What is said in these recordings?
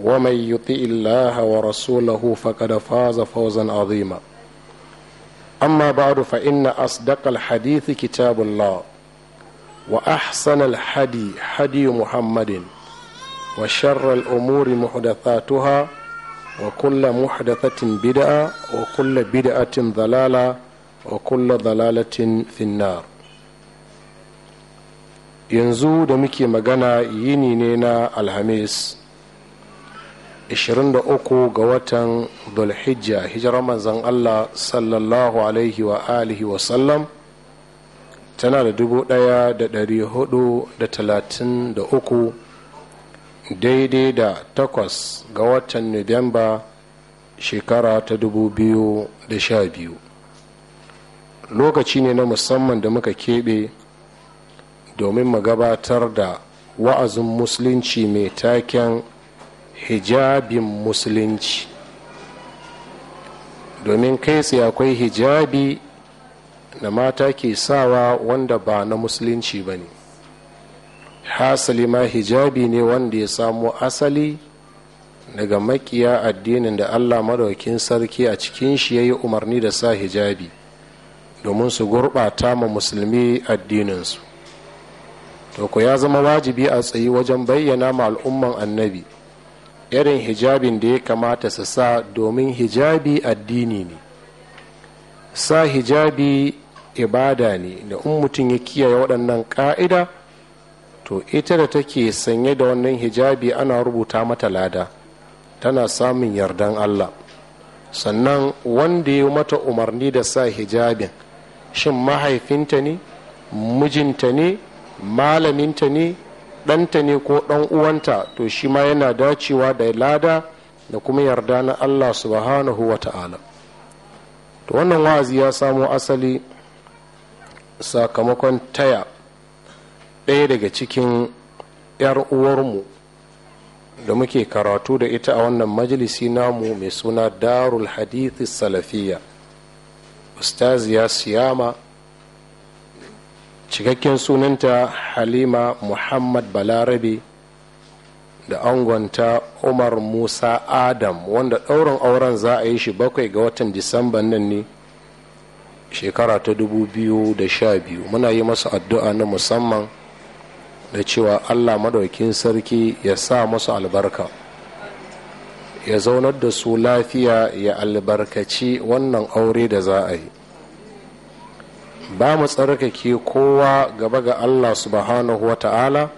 ومن يطع الله ورسوله فقد فاز فوزا عظيما أما بعد فإن أصدق الحديث كتاب الله وأحسن الحدي حدي محمد وشر الأمور محدثاتها وكل محدثة بدعة وكل بدعة ضلالة وكل ضلالة في النار ينزو دمكي مغانا يني نينا الهميس 23 ga watan Dhulhijja hijirar manzan Allah sallallahu alaihi wa alihi wa sallam tana da 1433 daidai da takwas ga watan Nuwamba shekara ta da 2012 lokaci ne na musamman da muka keɓe domin mu gabatar da wa'azin musulunci mai taken hijabin musulunci domin kai tsaye akwai hijabi na mata ke sawa wanda ba na musulunci ba ne hasali ma hijabi ne wanda ya samo asali daga makiya addinin da allah madaukin sarki a cikin shi ya yi umarni da sa hijabi domin su gurɓata ma musulmi addininsu to ku ya zama wajibi a tsayi wajen bayyana ma al'umman annabi irin hijabin da ya kamata su sa domin hijabi addini ne sa hijabi ibada ne da in mutum ya kiyaye waɗannan ƙa'ida to ita da take sanye da wannan hijabi ana rubuta mata lada tana samun yardan allah sannan wanda ya mata umarni da sa hijabin shin mahaifinta ne mijinta ne malaminta ne ɗanta ne ko ɗan uwanta to shi ma yana dacewa da lada da kuma yarda na allah subhanahu wa ta'ala to wannan wa'azi ya samo asali sakamakon taya ɗaya daga cikin 'yar uwarmu da muke karatu da ita a wannan majalisi namu mai suna darul hadithi salafiyya ustaziya siyama cikakken sunanta halima muhammad balarabe da angonta umar musa adam wanda ɗaurin auren za a yi shi bakwai ga watan disamba nan ne shekara ta dubu biyu da sha biyu muna yi masu addu'a na musamman da cewa allah madaukin sarki ya sa masu albarka ya zaunar da su lafiya ya albarkaci wannan aure da za a yi ba mu ke kowa gaba ga allah subhanahu wa ta'ala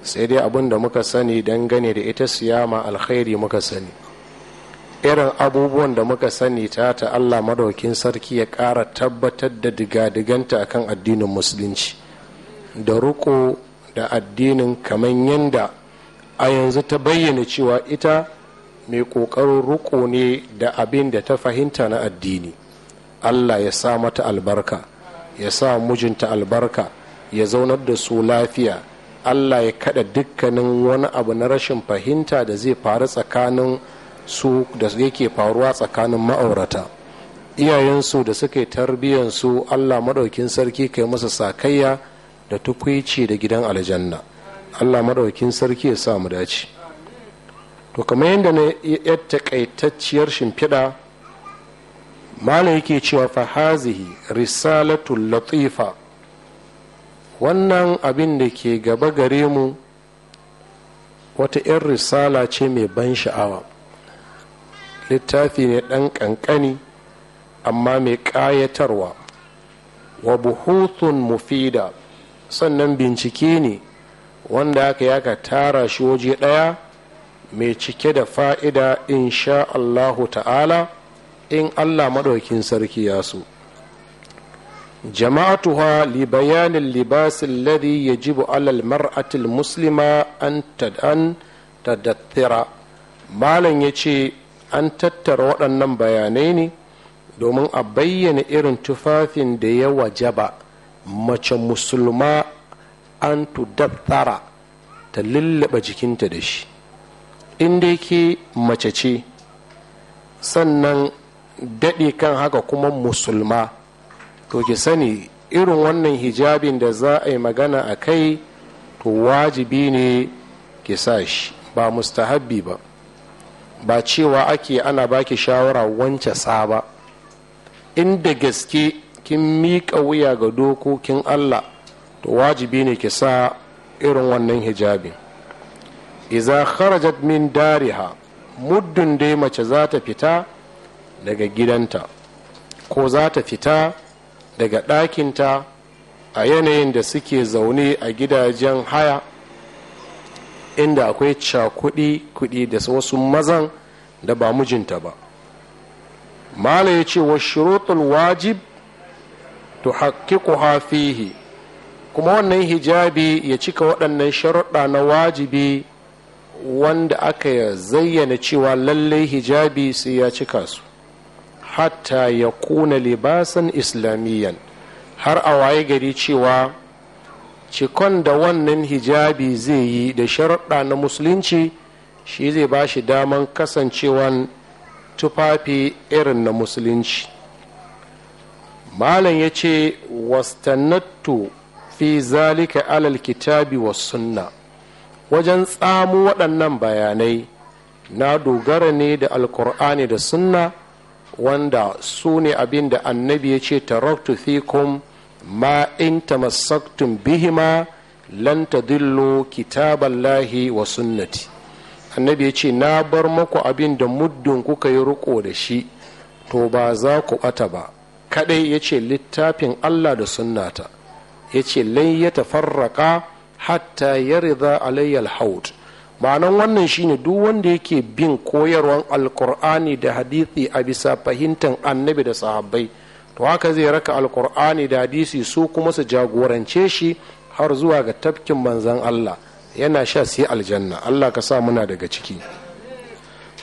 sai dai abin da muka sani gane da ita siyama alkhairi muka sani irin abubuwan da muka sani ta ta allah madaukin sarki ya ƙara tabbatar da diga-diganta akan addinin musulunci da ruko da addinin kamar yadda a yanzu ta bayyana cewa ita mai ƙoƙarin ruko ne da abin da ta fahimta na addini allah ya sa mata albarka ya sa mijinta albarka ya zaunar da su lafiya allah ya kada dukkanin wani abu na rashin fahimta da zai faru tsakanin su da yake faruwa tsakanin ma'aurata iyayensu da suka yi tarbiyyansu allah maɗaukin sarki kai masa sakayya da tukwici da gidan aljanna allah maɗaukin sarki ya sa mu dace to kamar yadda na yadda kaitacciyar shimfiɗa malam yake cewa fa hazihi risalatul latifa wannan abin da ke gaba gare mu wata 'yan risala ce mai ban sha'awa littafi ne ɗan ƙanƙani amma mai ƙayatarwa wa buhutun mufida sannan bincike ne wanda aka yaka tara shi waje ɗaya mai cike da fa'ida insha Allahu ta'ala in allah maɗaukin sarki ya so jama'atuha li bayanin libasin ladhi yajibu alal mar'atil muslima an tad'an tadathira malam ya ce an tattara waɗannan bayanai ne domin a bayyana irin tufafin da ya wajaba mace musulma an tudathara ta lullaba jikinta da shi in dai ke mace ce sannan daɗe kan haka kuma musulma to ki sani irin wannan hijabin da za a yi magana a kai to wajibi ne ki sa shi ba mustahabbi ba ba cewa ake ana baki shawara wance saba inda gaske kin miƙa wuya ga dokokin allah to wajibi ne ki sa irin wannan hijabin iza kharajat min dariha muddun dai mace za ta fita daga gidanta ko za ta fita daga ɗakinta a yanayin da suke zaune a gidajen haya inda akwai cakuɗi kuɗi da wasu mazan da ba mijinta ba mala ya ce wa shurutul wajib to haƙiƙuha fihi kuma wannan hijabi ya cika waɗannan sharuɗa na wajibi wanda aka zayyana cewa lallai hijabi sai ya cika su hatta ya kuna libasan islamiyan har a waye gari cewa cikon da wannan hijabi zai yi da sharaɗa na musulunci shi zai ba shi daman kasancewan tufafi irin na musulunci malam ya ce wastannattu fi zalika alal kitabi wa sunna wajen tsamu waɗannan bayanai na dogara ne da alkur'ani da sunna wanda su ne abin da annabi ya ce taraktu fikum ma in tamassaktum bihima lan tadillu kitaballahi wa sunnati annabi ya ce na bar maku abin da muddin kuka yi riko da shi to ba za ku ɓata ba kadai ya ce littafin allah da sunnata ya ce lai ya tafarraka hatta yarda alayyal haud ma'anan wannan shine duk wanda yake bin koyarwan alkur'ani da hadithi a bisa fahimtar annabi da sahabbai to haka zai raka alkur'ani da hadisi su kuma su jagorance shi har zuwa ga tafkin manzan allah yana sha sai aljanna allah ka sa muna daga ciki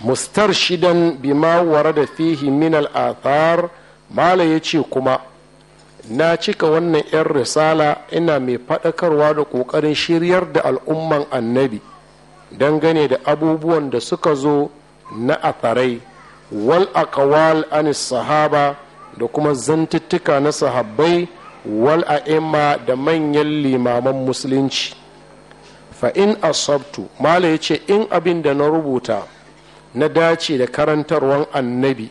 mustar shidan bima da fihi min al'athar mala ya ce kuma na cika wannan 'yan risala ina mai faɗakarwa da ƙoƙarin shiryar da al'umman annabi dangane da abubuwan da suka zo na atharai wal aqwal an sahaba da kuma zantuttuka na sahabbai wal a'imma da manyan limaman musulunci fa in asabtu mala ya ce in abin da na rubuta na dace da karantarwan annabi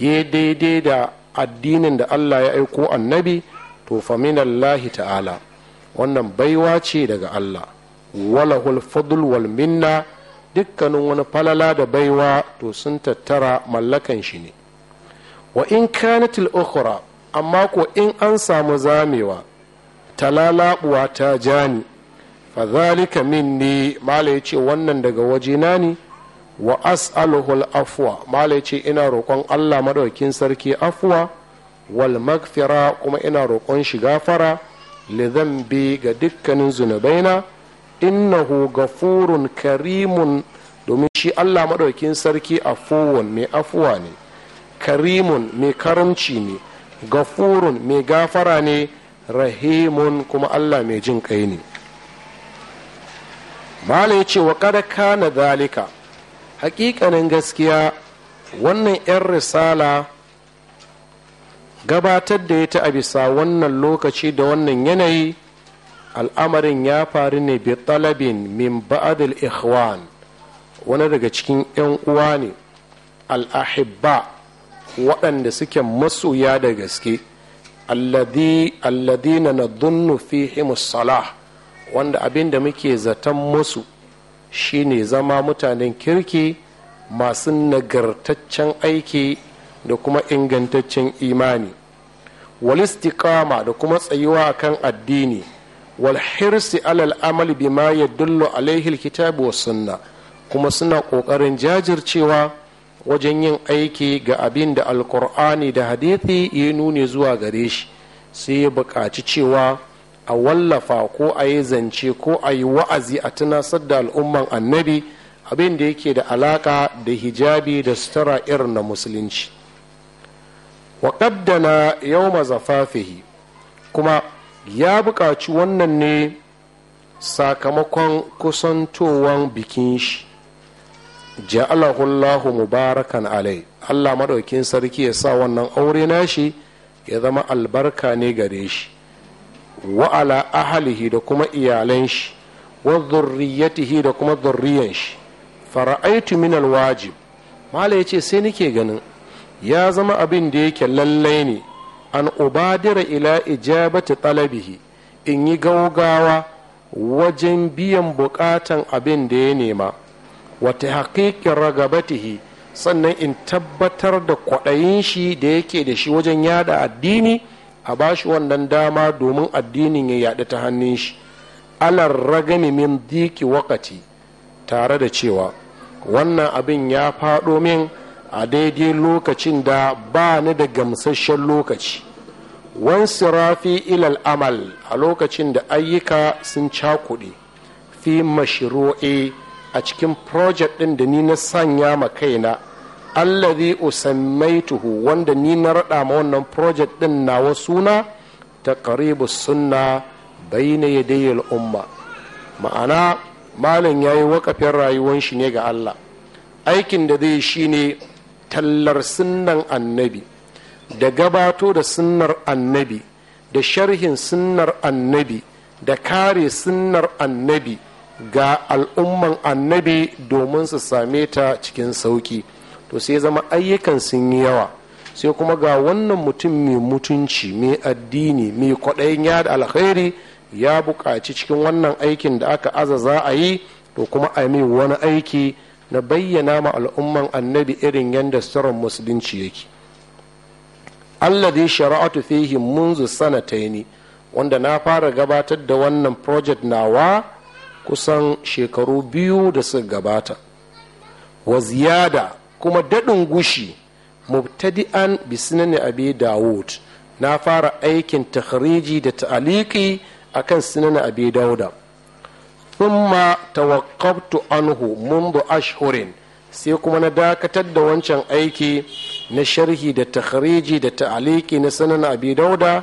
ya daidai da addinin da allah ya aiko annabi to fa minallahi ta'ala wannan baiwa ce daga allah walahul fadl wal minna dukkanin wani falala da baiwa to sun tattara mallakan shi ne wa in kanatil ukhra amma ko in an samu zamewa talalabuwa ta jani zalika minni mala yace wannan daga wajena ne wa as'aluhul afwa mala yace ina roƙon Allah madaukin sarki afwa wal magfira kuma ina roƙon shi gafara li ga dukkanin zunubaina innahu gafurun karimun domin shi allah maɗaukin sarki afuwan mai afuwa ne karimun mai karamci ne gafurun mai gafara ne rahimun kuma allah mai jin kai ne mala ya ce wa kada kana dalika hakikanin gaskiya wannan 'yan risala gabatar da ya ta a bisa wannan lokaci da wannan yanayi al'amarin ya faru ne bi talabin min ba'adil ikhwan wani daga cikin 'yan uwa ne al'ahibba waɗanda suke masoya da gaske alladi na dunnu fi wanda abin da muke zaton masu shine zama mutanen kirki masu nagartaccen aiki da kuma ingantaccen imani walistikama da kuma tsayuwa kan addini wal alal amal bima yadullu alaihi alkitabu was sunna kuma suna kokarin jajircewa wajen yin aiki ga abin da alƙur'ani da hadithi ya nune zuwa gare shi sai ya buƙaci cewa a wallafa ko a yi zance ko a yi wa'azi a tunasar da al'umman annabi abin da yake da alaka da hijabi da sutura irin na musulunci waƙaddana qaddana yawma kuma ya buƙaci wannan ne sakamakon kusantowan bikin shi ja'alahullahu mubarakan alai allah maɗaukin sarki ya sa wannan aure nashi ya zama albarka ne gare shi wa'ala ahalihi da kuma iyalan shi wa zurriyatihi da kuma zurriyan shi fara'aitu min alwajib mala ya ce sai nake ganin ya zama abin da yake lallai ne an ubadira ila ijabati talabihi in yi gaugawa wajen biyan bukatan abin da ya nema wata haƙiƙin ragabatihi sannan in tabbatar da kwaɗayin shi da yake da shi wajen yada addini a bashi wannan dama domin addinin ya yaɗa ta hannun shi alar ragami min diki wakati tare da cewa wannan abin ya faɗo min a daidai lokacin da ba ni da gamsasshen lokaci sirafi ilal amal a lokacin da ayyuka sun cakuɗe fi mashiro'e a cikin project ɗin da ni na sanya ma kaina allazi usammaituhu wanda ni na raɗa ma wannan project ɗin nawa suna ta karibu sunna bayna yadayil umma ma'ana malam yayi wakafin rayuwan shi ne ga Allah aikin da zai shi ne tallar sunnan annabi da gabato da sunnar annabi da sharhin sunnar annabi da kare sunnar annabi ga al'umman annabi domin su same ta cikin sauki to sai zama ayyukan sun yi yawa sai kuma ga wannan mutum mai mutunci mai addini mai kwaɗayin ya da alkhairi ya buƙaci cikin wannan aikin da aka aza za a yi to kuma a mai wani aiki na bayyana ma al'umman annabi irin yadda tsoron musulunci yake allah zai shara'atu fihi munzu ne, wanda na fara gabatar da wannan project nawa kusan shekaru biyu da suka gabata wa ziyada kuma daɗin gushi mubtadi'an bi abi dawud na fara aikin takhriji da ta'aliki akan sunan abi dauda thumma tawaqqaftu anhu mundu ashhurin sai kuma na dakatar da wancan aiki na sharhi da takhriji da ta'aliki na sanan abi dauda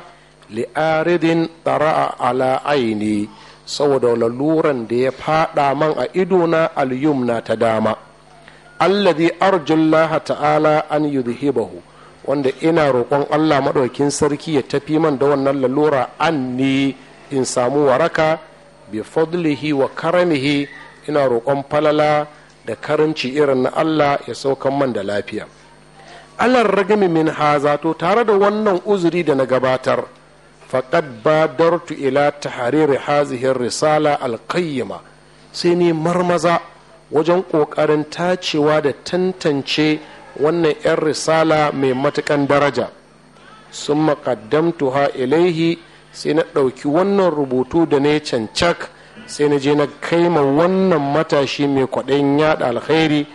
li'aridin tara'a ala aini saboda laluran da ya fada man a idona al-yumna ta dama alladhi arjullah ta'ala an yudhibahu wanda ina roƙon Allah maɗaukin sarki ya tafi man da wannan lalura an in samu waraka bi fadlihi wa karamihi ina roƙon falala da karanci irin na Allah ya saukan man da lafiya Allah ragami min haza to tare da wannan uzuri da na gabatar faqad badartu ila tahariri hazihi risala alqayyima sai ni marmaza wajen ƙoƙarin tacewa da tantance wannan 'yan risala mai matukan daraja sun maƙaddamtuha ilaihi sai na ɗauki wannan rubutu da na cancak sai na je na kaima wannan matashi mai kwaɗayin yada alkhairi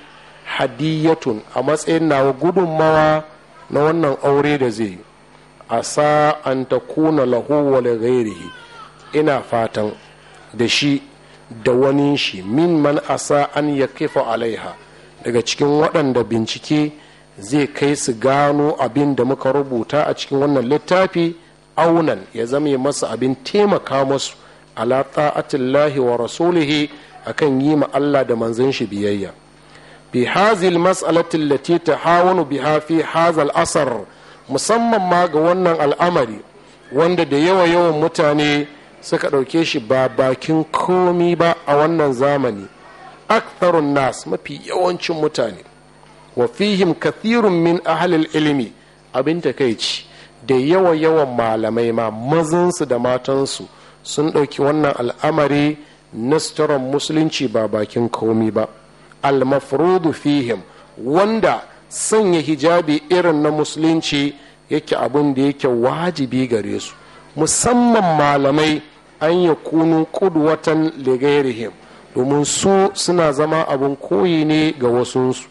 hadiyatun a matsayin nawa gudunmawa na wannan aure da zai a an ta kuna lahu gairihi ina fatan da shi da wani shi min man asa an ya kifa alaiha daga cikin waɗanda bincike zai kai su gano abin da muka rubuta a cikin wannan littafi aunan ya zame masa abin taimaka masu ala ta'atillahi wa rasulihi akan yi ma Allah da manzon shi biyayya bi hazil mas'alati allati tahawunu biha fi hazal asar musamman ma ga wannan al'amari wanda da yawa yawan mutane suka ɗauke shi ba bakin komi ba a wannan zamani aktharun nas mafi yawancin mutane wa fihim kathirun min ahlil ilimi abin takeici da yawa yawan malamai ma mazansu da matansu sun ɗauki wannan al'amari na sitaron musulunci ba bakin komi ba almafrudu fihim wanda sanya hijabi irin na musulunci yake abin da yake wajibi gare su musamman malamai an yi kunu kudwatan ligairihim domin su suna zama abin koyi ne ga wasunsu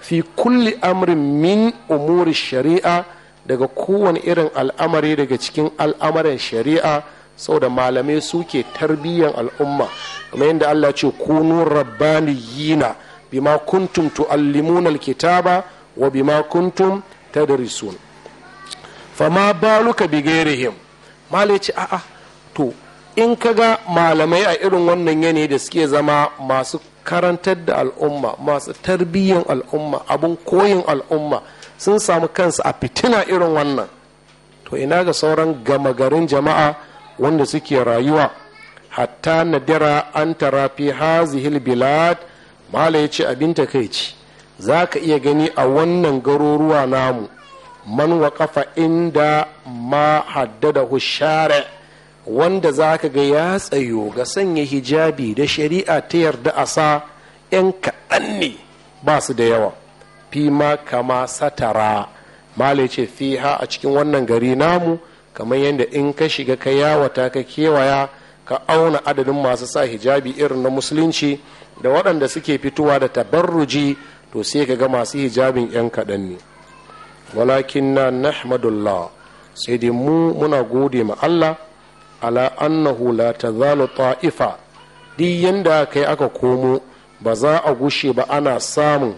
fi kulli amrin min umuri shari'a daga kowane irin al'amari daga cikin al'amarin shari'a saboda malamai suke tarbiyyar al'umma kamar yadda Allah ce kunu yina bima kuntum tuallimuna alkitaba wa bima kuntum tadrisun fama baluka bi ghairihim malai ce a'a to in kaga malamai a irin wannan yanayi da suke zama masu karantar da al'umma masu tarbiyyar al'umma abun koyin al'umma sun samu kansu a fitina irin wannan to ina ga sauran gama garin jama'a wanda suke rayuwa hatta nadira an tarafi fi hazihil bilad mala ya ce abin takaici za ka iya gani a wannan garuruwa namu man waƙafa inda ma haddada share wanda za ka ga ya tsayo ga sanya hijabi da shari'a ta yarda a sa 'yan kaɗan ne ba su da yawa fi ma kama satara malai ce fi ha a cikin wannan gari namu kamar yadda in ka shiga ka yawata ka kewaya ka auna adadin masu sa hijabi irin na musulunci da waɗanda suke fitowa da tabarruji to sai ka ga masu hijabin 'yan kaɗan ne walakin na nahmadullah sai dai mu muna gode ma Allah ala annahu la tazalu ta'ifa duk yanda kai aka komo ba za a gushe ba ana samun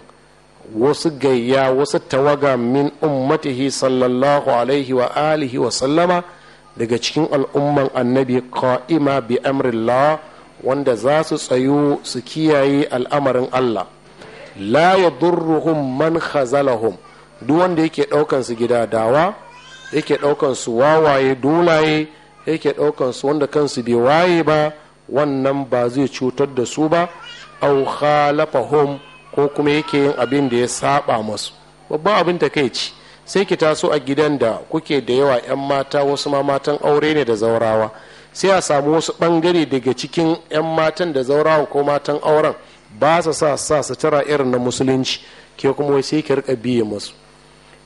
wasu gayya wasu tawaga min ummatihi sallallahu alaihi wa alihi wa sallama daga cikin al'umman annabi ka'ima bi amrillah wanda za su tsayu su kiyaye al'amarin Allah la yadurruhum man khazalahum duk wanda yake daukan su gida dawa yake daukan su wawaye dolaye yake daukan su wanda kansu bai waye ba wannan ba zai cutar da su ba au khalafahum ko kuma yake yin abin da ya saba masu babban abin ta kai ci sai ki taso a gidan da kuke da yawa 'yan mata wasu ma matan aure ne da zaurawa sai a samu wasu bangare daga cikin 'yan matan da zaurawa ko matan auren ba su sa sa sutura irin na musulunci ke kuma wai sai ki rika biye masu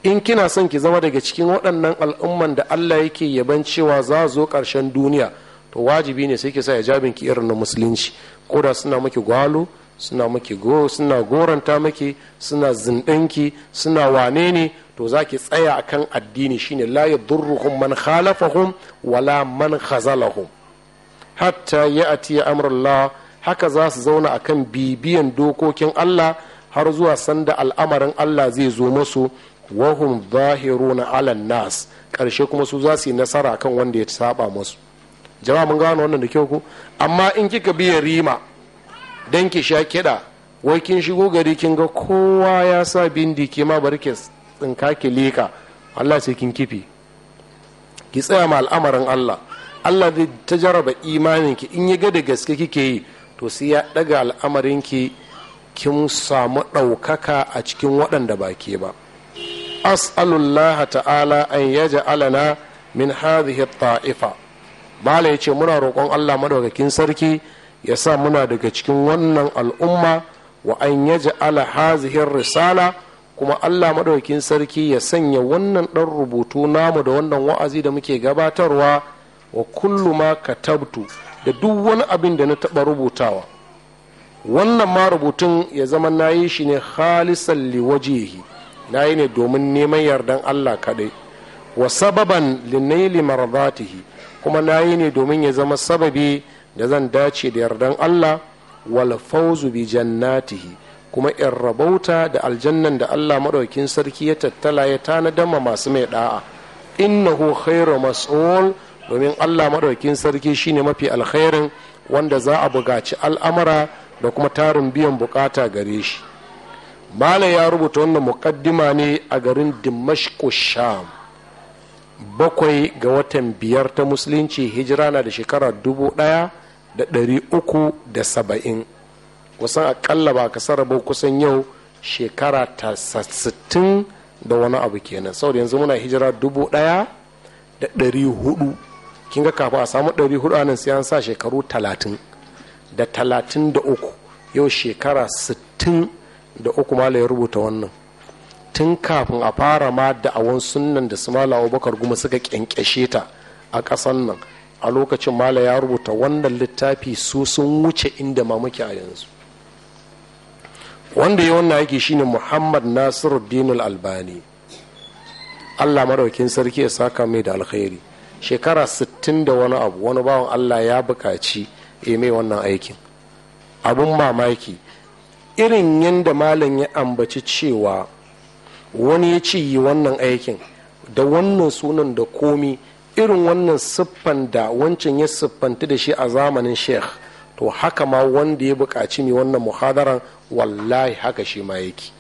in kina son ki zama daga cikin waɗannan al'umman da Allah yake yaban cewa za zo ƙarshen duniya to wajibi ne sai ki sa hijabin ki irin na musulunci ko da suna miki gwalo suna maki go suna goranta maki suna zindanki suna wane ne to za ki tsaya akan addini shine la durruhum man khalafahum wala man khazalahum hatta ya'ti amrullah haka za su zauna a kan bibiyan dokokin Allah har zuwa sanda al'amarin Allah zai zo musu wahum zahiruna ala nas karshe kuma su za su yi nasara kan wanda ya saba musu jama'a mun gano wannan da kyau ku amma in kika biya rima don ki sha kiɗa wai kin shigo gari kin ga kowa ya sa bindi ke ma tsinka ki leka Allah sai kin kifi ki tsaya ma al'amarin Allah Allah zai ta jaraba imanin ki in ya ga da gaske kike yi to sai ya daga al'amarin ki kin samu ɗaukaka a cikin waɗanda ba ke ba as'alullaha ta'ala an alana min hadhihi ta'ifa ya ce muna roƙon Allah madaukakin sarki ya sa muna daga cikin wannan al'umma wa an ji ala hazihin risala kuma allah maɗaukin sarki ya sanya wannan ɗan rubutu namu da wannan wa'azi da muke gabatarwa wa kullu ma katabtu da duk wani abin da na taɓa rubutawa wannan ma rubutun ya zama na yi shi ne halisan liwajihi na yi ne domin neman yardan allah kaɗai wa sababan linaili marzatihi kuma na yi ne domin ya zama sababi da zan dace da yardan Allah wal fawzu bi jannatihi kuma in rabauta da aljannan da Allah madaukin sarki ya tattala ya tanadar ma masu mai da'a innahu khairu mas'ul domin Allah madaukin sarki shine mafi alkhairin wanda za a bugaci al'amara da kuma tarin biyan bukata gare shi mala ya rubuta wannan mukaddima ne a garin dimashku sham bakwai ga watan biyar ta musulunci hijira na da shekara dubu ɗaya. da ɗari uku da saba'in kusan akalla ba ka sarraba kusan yau shekara ta sittin da wani abu kenan saboda yanzu muna hijira dubu ɗaya da ɗari hudu kin ga kafa a samu ɗari hudu a nan sai an sa shekaru talatin da talatin da uku yau shekara sittin da uku ya rubuta wannan tun kafin a fara ma da awon sunnan da su mala abubakar guma suka kyankyashe ta a ƙasan nan a lokacin mala ya rubuta wannan littafi su sun wuce inda ma muke a yanzu wanda ya wannan aiki shine muhammad nasiruddin albani allah maraukin sarki ya saka mai da alkhairi shekara 60 da wani abu wani bawan allah ya bukaci ya mai wannan aikin abun mamaki irin yadda malam ya ambaci cewa wani ya ci yi wannan aikin da wannan sunan da komi irin wannan siffan da wancan ya siffanta da shi a zamanin sheikh to haka ma wanda ya buƙaci mai wannan muhadaran wallahi haka shi ma yake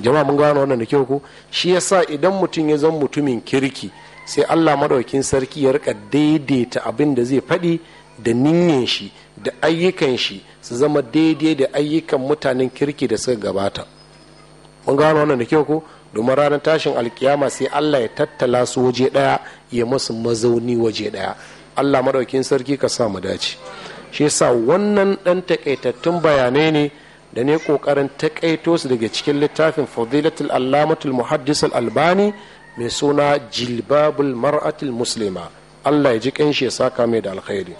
jama'a mun gano wannan da kyau ko shi yasa idan mutum ya zama mutumin kirki sai allah maɗaukin sarki ya rika daidaita abin da zai faɗi da ninyan shi da ayyukan shi su zama daidai da ayyukan mutanen kirki da suka gabata mun gano wannan da kyau ko domin ranar tashin alkiyama sai allah ya tattala su waje daya ya masu mazauni waje daya. allah maɗaukin sarki ka sa mu dace shi yasa wannan dan takaitattun bayanai ne da ne kokarin takaito su daga cikin littafin fadilatul allamatul muhaddis albani mai suna jilbabul mar'atul muslima allah ya ji shi ya saka mai da alkhairi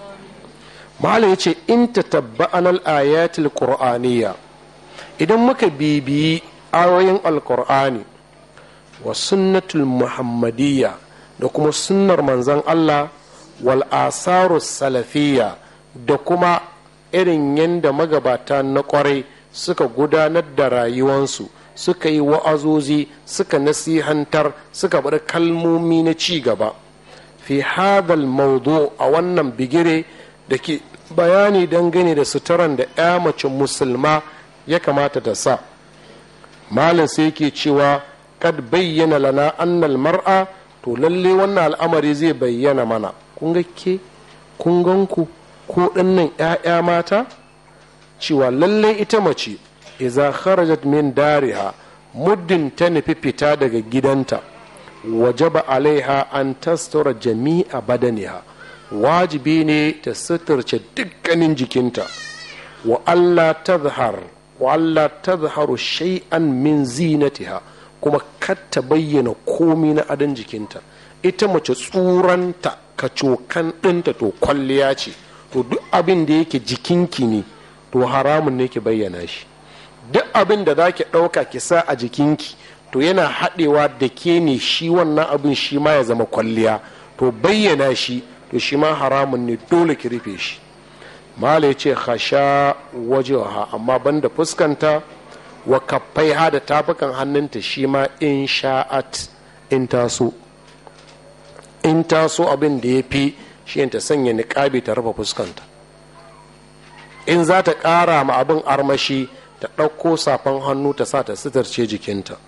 malam ya ce in ta tabba'an ayatul idan muka bibiyi ayoyin alkur'ani wa sunnatul muhammadiyya da kuma sunnar manzan Allah wal asaru salafiyya da kuma irin yadda magabata na kwarai suka gudanar da rayuwansu suka yi wa'azozi suka nasihantar suka bar kalmomi na ci gaba fi hadal maudu a wannan bigire da ke bayani dangane da suturan da 'ya mace musulma ya kamata ta sa malin sai ke cewa kad bayyana lana annal mar'a to lalle wannan al'amari zai bayyana mana kun ga ke kun ganku ko ɗannan 'ya'ya mata cewa lalle ita mace iza kharajat min dariha muddin ta nufi fita daga gidanta wajaba alaiha an tastura jami'a badaniha wajibi ne ta suturce dukkanin jikinta wa Allah tazhar wa Allah tazharu shay'an min zinatiha kuma kar ta bayyana komi na adon jikinta ita mace tsuranta ka cokan ɗinta to kwalliya ce to duk abin da yake jikinki ne to haramun ne ke bayyana shi duk abin da za ki ɗauka ki sa a jikinki to yana haɗewa da ke ne shi wannan abin shi ma ya zama kwalliya to bayyana shi to shi ma haramun ne dole ki rufe shi mala ya ce hasha wajewa amma banda fuskanta wa kaffai ha da tafukan hannunta shi ma in sha'at in taso in taso abin da ya fi shi ta sanya niƙabi ta rufe fuskanta in za ta ƙara ma abin armashi ta ɗauko safan hannu ta sa ta sitarce jikinta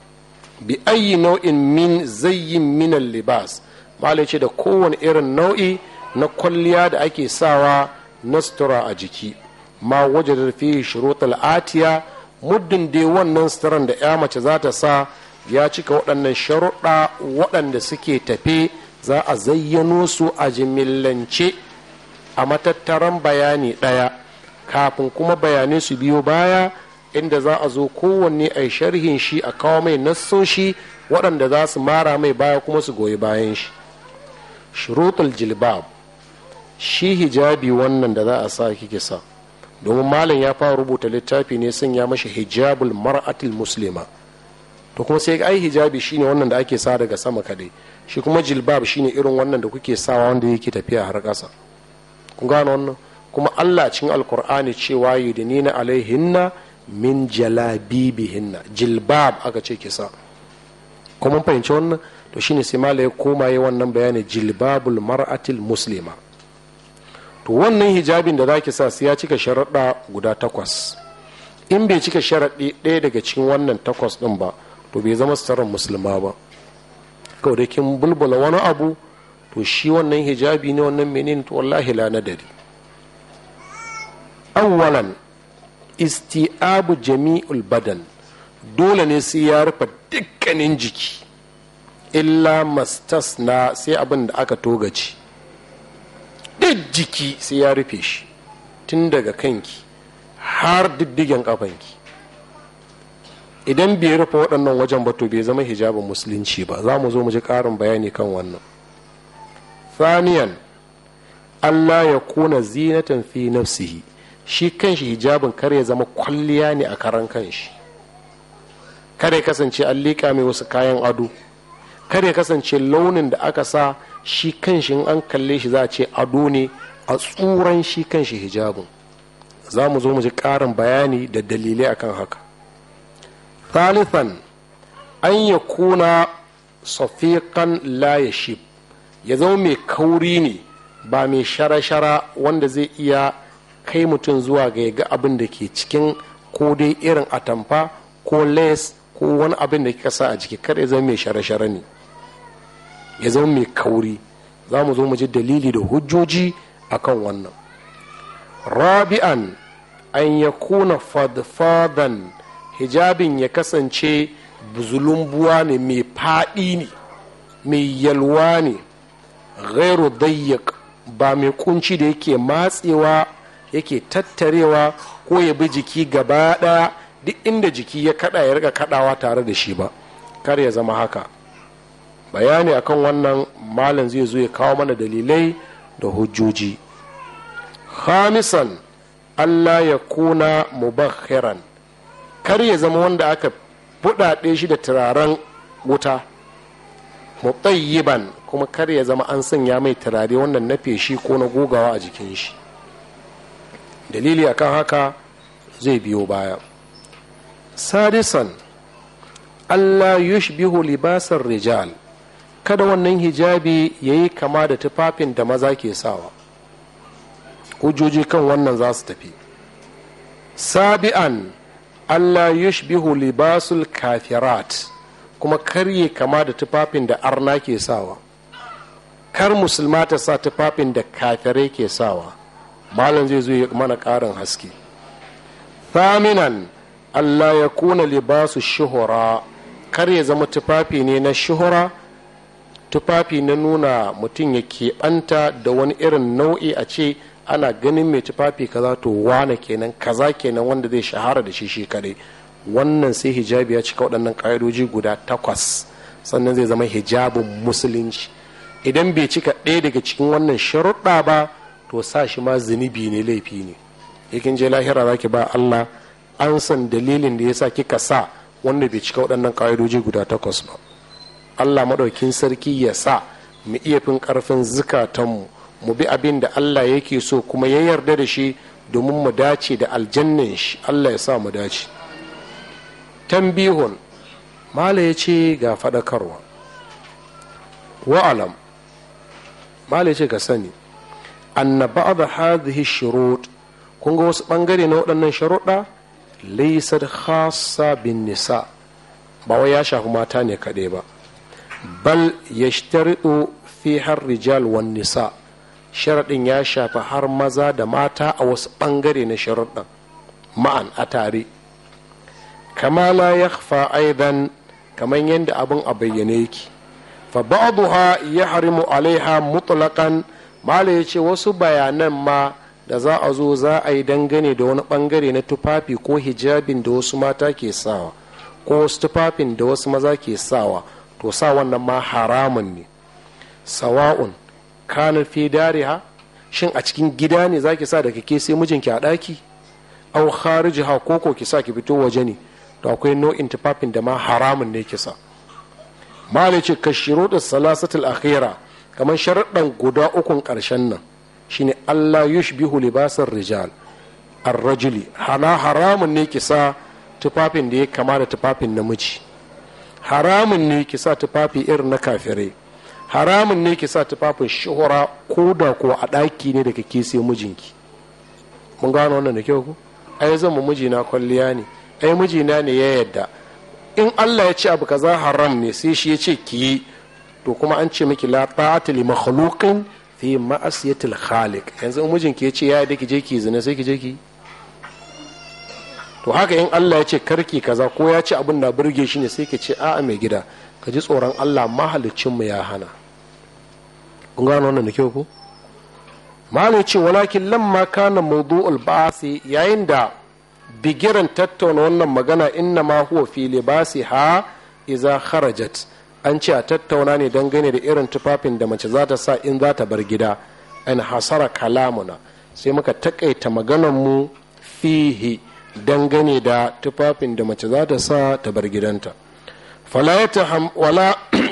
bi ayi nau'in min yi minan libas malai ce da kowane irin nau'i na kwalliya da ake sawa na sutura a jiki ma wajen da fi atiya muddin dai wannan suturan da ya mace za ta sa ya cika waɗannan sharuɗa waɗanda suke tafe za a zayyano su a jimillance a matattaran bayani ɗaya kafin kuma bayanai su biyo baya inda za a zo kowanne a yi sharhin shi a kawo mai shi waɗanda za su mara mai baya kuma su goyi bayan shi shurutul jilbab shi hijabi wannan da za a sa kike sa domin malam ya fara rubuta littafi ne sun ya mashi hijabul mar'atil muslima to kuma sai ai hijabi shine wannan da ake sa daga sama kadai shi kuma jilbab shine irin wannan da kuke sawa wanda yake tafiya har kasa. kun gano wannan kuma Allah cin alkur'ani cewa yudinina alaihinna min hinna jilbab aka ce kisa kuma fahimci wannan to shine sai ya koma yi wannan bayani jilbabul mar'atil muslima to wannan hijabin da zaki sa su ya cika sharaɗa guda takwas in bai cika sharaɗi ɗaya daga cikin wannan takwas ɗin ba to bai zama sarar musulma ba kawai da kin bulbula wani abu to shi wannan hijabi ne wannan menene to wallahi la nadari awwalan isti'abu jami'ul badan dole ne sai ya rufe dukkanin jiki illa mastas na sai abin da aka togaci duk jiki sai ya rufe shi tun daga kanki har diddigen kafanki idan bai rufe waɗannan wajen ba to bai zama hijabin musulunci ba za mu zo mu ji ƙarin bayani kan wannan thaniyan allah ya kuna zinatan fi nafsihi shi kanshi hijabin kar ya zama kwalliya ne a karan kanshi kar ya kasance an liƙa mai wasu kayan ado kar ya kasance launin da aka sa shi kanshi in an kalle shi za a ce ado ne a tsuran shi kanshi hijabin za mu zo mu ji ƙarin bayani da dalilai akan haka thalithan an ya kuna safiƙan layashib ya zama mai kauri ne ba mai shara-shara wanda zai iya kai mutum zuwa ga ya ga abin da ke cikin ko dai irin atamfa ko les ko wani abin da kika sa a jiki kada ya zama mai shara-shara ne ya zama mai kauri za mu zo mu ji dalili da hujjoji a kan wannan rabi'an an ya kuna fadfadan hijabin ya kasance buzulumbuwa ne mai faɗi ne mai yalwa ne gairu dayyak ba mai kunci da yake matsewa yake tattarewa ko ya bi jiki gaba ɗaya duk inda jiki ya kaɗa ya rika kaɗawa tare da shi ba kar ya zama haka bayani akan wannan malam zai zo ya kawo mana dalilai da hujjoji khamisan allah ya kuna mubakhiran kar ya zama wanda aka buɗaɗe shi da turaren wuta mutayyiban kuma kar ya zama an sanya mai turare wannan na feshi ko na gogawa a jikin shi dalili akan haka zai biyo baya sadisan allah yushbihu libasar rijal kada wannan hijabi ya yi kama da tufafin da maza ke sawa hujjoji kan wannan za su tafi sabi'an allah yushbihu libasul kafirat kuma karye kama da tufafin da arna ke sawa kar musulma ta sa tufafin da kafirai ke sawa malam zai zo mana karin haske thaminan allah ya kuna libasu shuhura kar ya zama tufafi ne na shuhura tufafi na nuna mutum ya keɓanta da wani irin nau'i a ce ana ganin mai tufafi kaza to wane kenan kaza kenan wanda zai shahara da shi shi kadai wannan sai hijabi ya cika waɗannan ƙa'idoji guda takwas sannan zai zama hijabin musulunci idan bai cika ɗaya daga cikin wannan sharuɗa ba to sa shi ma zunubi ne laifi ne yakin je lahira za ki ba Allah an san dalilin da ya sa kika sa wanda bai cika waɗannan ƙa'idoji guda takwas ba allah maɗaukin sarki ya sa mu iya fin ƙarfin zukatanmu mu bi abin da allah yake so kuma ya yarda da shi domin mu dace da aljannin shi allah ya sa mu dace tambihun mala ya ce ga faɗakarwa wa'alam mala ya ce ka sani annaba da hadhihi shurut kun ga wasu ɓangare na waɗannan sharuɗa laisar khassa bin nisa ba wai ya shafi mata ne kaɗai ba bal ya fi har rijal wan nisa sharaɗin ya shafi har maza da mata a wasu ɓangare na sharaɗin ma'an a tare kama la ya aidan kamar yadda abin a bayyane yake fa ba'dha ya harimu alaiha mutlaqan mala ya ce wasu bayanan ma da za a zo za a yi dangane da wani ɓangare na tufafi ko hijabin da wasu mata ke sawa ko wasu tufafin da wasu maza ke sawa to sa wannan ma haramun ne sawa'un kana fi dariha shin a cikin gida ne zaki sa da kake sai mijinki a daki au ko ko ki sa ki fito waje ne to akwai nau'in tufafin da ma haramun ne kisa malai ce ka shiruɗin salasatul akhira kamar sharaɗan guda ukun ƙarshen nan shine allah bihu libasar rijal ar-rajuli hana haramun ne kisa tufafin da ya kama da tufafin namiji haramun ne ki sa tufafi irin na kafirai haramun ne ki sa tufafin shuhura ko da ko a ɗaki ne daga kake mijinki mun gano wannan da kyau ku ai zan mu mijina kwalliya ne ai mijina ne ya yadda in Allah ya ce abu kaza haram ne sai shi ya ce ki yi to kuma an ce miki la ta'ati li makhluqin fi ma'asiyatil khaliq yanzu mijinki ya ce ya yadda ki je ki zina sai ki je ki to haka in Allah ya ce karki kaza ko ya ce abin da burge shi ne sai ka ce a'a mai gida ka ji tsoron Allah mahalicin mu ya hana kun gano wannan da kyau ku? malai ce walakin lamma kana mawdu'ul ba'si yayin da bigiran tattauna wannan magana inna ma huwa fi libasi ha iza kharajat an ce a tattauna ne dangane da irin tufafin da mace za ta sa in za ta bar gida an hasara kalamuna sai muka takaita maganar mu fihi dangane da tufafin da mace za ta sa ta bar gidanta fala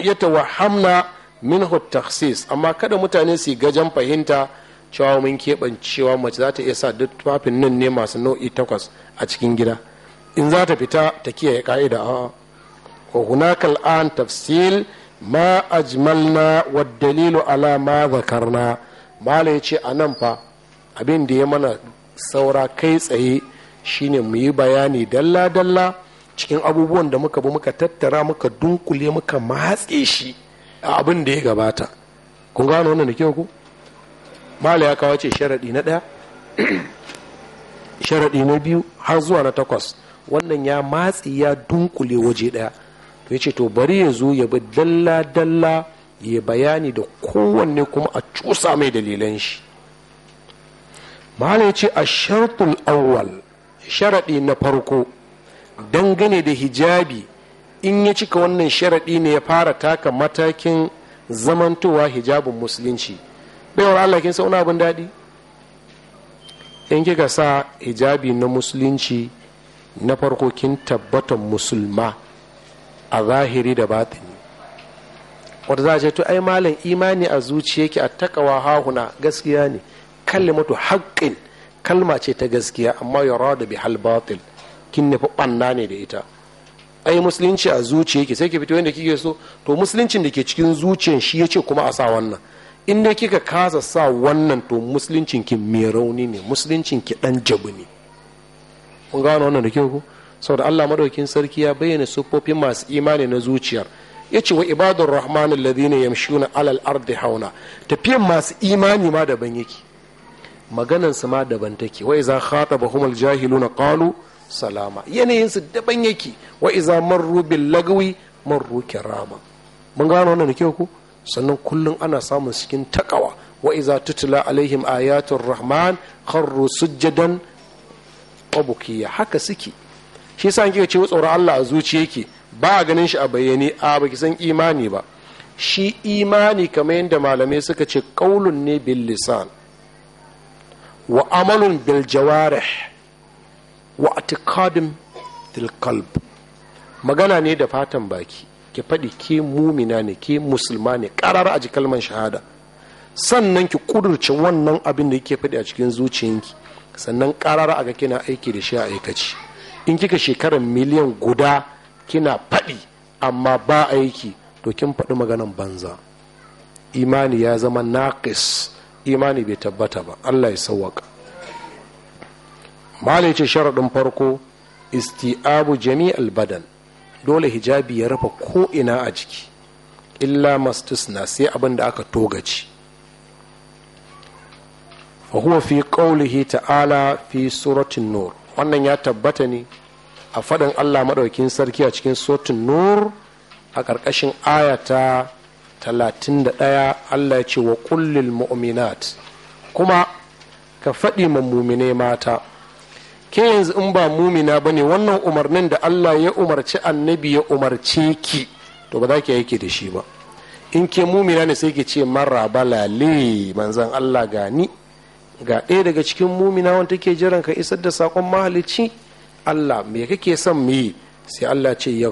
ya tawahamna min taksis amma kada mutane su gajan fahimta cewa mun cewa mace za ta iya sa duk tufafin nan ne masu nau'i takwas a cikin gida in za ta fita ta kiyaye ka'ida a wa hunakal an tafsil ma ajmalna wa dalilu ala ma zakarna mala ce a nan fa abin da ya mana saura kai tsaye shine mu yi bayani dalla-dalla cikin abubuwan da muka bi muka tattara muka dunkule muka matse shi a abin da ya gabata kun gano wannan da kyau ku mala ya kawo ce sharaɗi na ɗaya sharaɗi na biyu har zuwa na takwas wannan ya matsi ya dunkule waje ɗaya to ya ce to bari ya zo ya bi dalla-dalla ya bayani da kowanne kuma a cusa mai dalilan shi mala ya ce a shartul awwal sharaɗi na farko dangane da hijabi in ya cika wannan sharaɗi ne ya fara taka matakin zamantowa hijabin musulunci baiwar allah kin sauna abin daɗi in kika sa hijabi na musulunci na farko kin tabbatar musulma a zahiri da batini wata za a ce to ai malam imani a zuciyake a takawa hahuna gaskiya ne kalli mutu haƙƙin kalma ce ta gaskiya amma yara da hal batil kin nufi banna ne da ita ai musulunci a zuciya ke sai ki fito yadda kike so to musuluncin da ke cikin zuciyan shi yace kuma a sa wannan in dai kika kasa sa wannan to musuluncin ki mai rauni ne musuluncin ki dan jabu ne Kun gano wannan da kyau ko saboda Allah maɗaukin sarki ya bayyana siffofin masu imani na zuciyar yace wa ibadur rahman alladhina yamshuna alal ardi hauna tafiyan masu imani ma daban yake maganan su ma daban take wa iza jahilu na qalu salama yanayin su daban yake wa iza marru bil lagwi marru kirama mun gano wannan kyau ku sannan kullum ana samun cikin takawa wa iza tutula alaihim ayatul rahman kharru sujjadan qabukiya haka suke shi yasa kike ce tsoron Allah a zuciya yake ba a ganin shi a bayyane a baki san imani ba shi imani kamar yadda malamai suka ce kaulun ne bil lisan wa amalun bil jawarih wa atikadin tilkalb, magana ne da fatan baki ki faɗi ke mumina ne ke musulma ne ƙarar a kalman shahada sannan ki kudurce wannan abin da yake faɗi a cikin zuciyanki sannan ƙarara a ga kina aiki da shi a aikaci in kika shekarar miliyan guda kina faɗi amma ba aiki to kin faɗi maganan banza imani ya zama naqis imani bai tabbata ba allah ya sauwaka malai ce sharaɗin farko isti'abu jami'al badan dole hijabi ya rufe ko ina a jiki illa na sai abin da aka togaci fa huwa fi qawlihi ta'ala fi suratin nur wannan ya tabbata ne a faɗin allah maɗaukin sarki a cikin suratin nur a ƙarƙashin ayata talatin da ɗaya allah ce wa kullil mu'minat kuma ka faɗi ma mumine mata ke yanzu in ba mumina ba ne wannan umarnin da allah ya umarci annabi ya umarce ki to ba za ki yake da shi ba in ke mumina ne sai ki ce mara balale manzan allah gani ga ɗaya daga cikin mumina wanda take jiran ka isar da saƙon mahalicci allah me kake son mu yi sai allah ce ya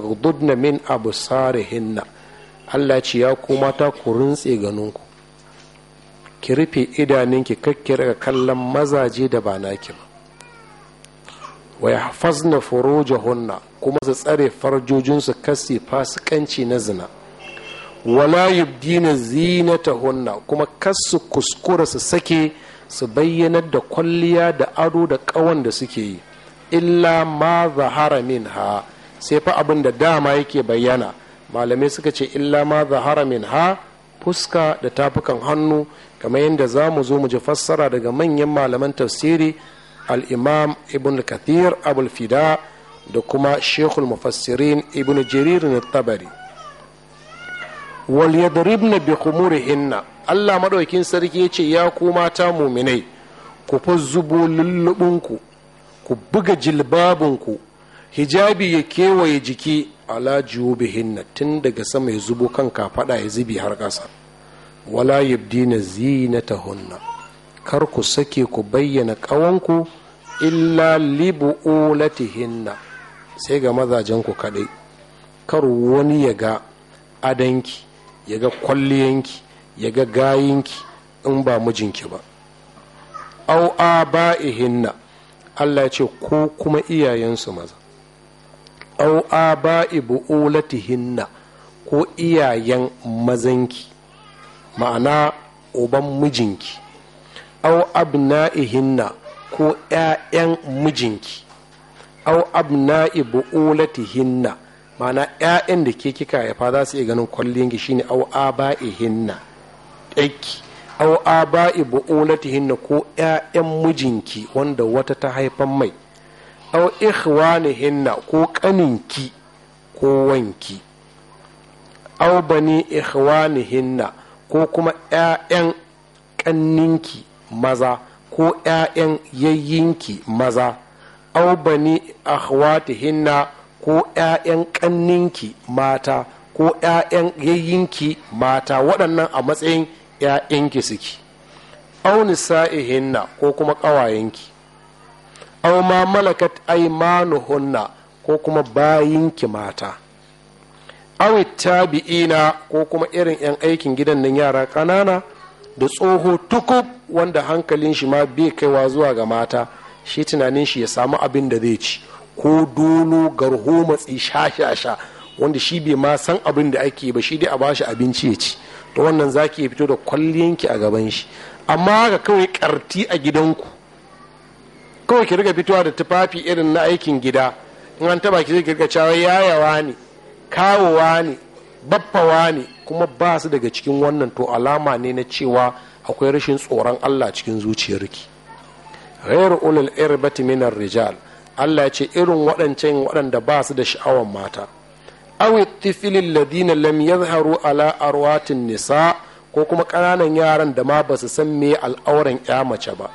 min abu sarihinna Allah ce ya koma ta ku rintse ganinku ki rufe idaninki kakkira kallon mazaje da ba naki ba wa yahfazna furujahunna kuma su tsare farjojinsu kasi fasikanci na zina wala yubdina hunna kuma kasu kuskura su sake su bayyanar da kwalliya da ado da ƙawan da suke yi illa ma zahara min ha sai fa abin da dama yake bayyana malamai suka ce illa ma zahara min ha fuska da tafukan hannu kamar yadda za mu zo mu ji fassara daga manyan malaman tafsiri al-imam ibn kathir abul fida da kuma shekul mufassirin ibn jarir na tabari wal yadribna bi khumurihinna Allah madaukin sarki ya ce ya ku mata muminai ku fa zubo lullubunku ku buga jilbabunku hijabi ya kewaye jiki ala jubihinna tun daga sama ya zubo kan kafaɗa ya zubi har ƙasa wala ta hunna kar ku sake ku bayyana ƙawanku illa hinna sai ga mazajen ku kaɗai kar wani ya ga adanki ya ga kwalliyanki ya ga gayinki in ba mijinki ba au a hinna Allah ya ce ko kuma iyayensu maza au aba'i bu'ulatihinna ko iyayen mazanki ma'ana uban mijinki au abna'ihinna ko 'ya'yan mijinki au abna'i bu'ulatihinna ma'ana 'ya'yan da ke kika haifa za su iya ganin kwallon ki shine au aba'ihinna ɗaki au aba'i bu'ulatihinna ko 'ya'yan mijinki wanda wata ta haifan mai aw hinna ko kaninki ko wanki aw bani hinna ko kuma ƴaƴan ƙanninki maza ko ƴaƴan yayyinki maza aw bani akhwatihinna ko ƴaƴan ƙanninki mata ko ƴaƴan yayyinki mata waɗannan a matsayin ƴaƴanki suke aw nisa'ihinna ko kuma ƙawayenki aw ma malakat aymanuhunna ko kuma bayinki mata aw tabi'ina ko kuma irin yan aikin gidan nan yara kanana da tsoho tukub wanda hankalin shi ma bai kaiwa zuwa ga mata shi tunanin shi ya samu abin da zai ci ko dolo garho matsi sha wanda shi bai ma san abin da ake ba shi dai a bashi abinci ya ci to wannan zaki ya fito da kwalliyanki a gaban shi amma haka kawai karti a gidanku kawai ki riga fitowa da tufafi irin na aikin gida in an taba ki zai riga cewa yayawa ne kawowa ne baffawa ne kuma ba su daga cikin wannan to alama ne na cewa akwai rashin tsoron Allah cikin zuciyarki rayar ulul irbati minar rijal Allah ce irin waɗancan waɗanda ba su da sha'awan mata awi tifilin ladina lam yadhharu ala arwatin nisa ko kuma ƙananan yaran da ma ba su san me al'auran ya mace ba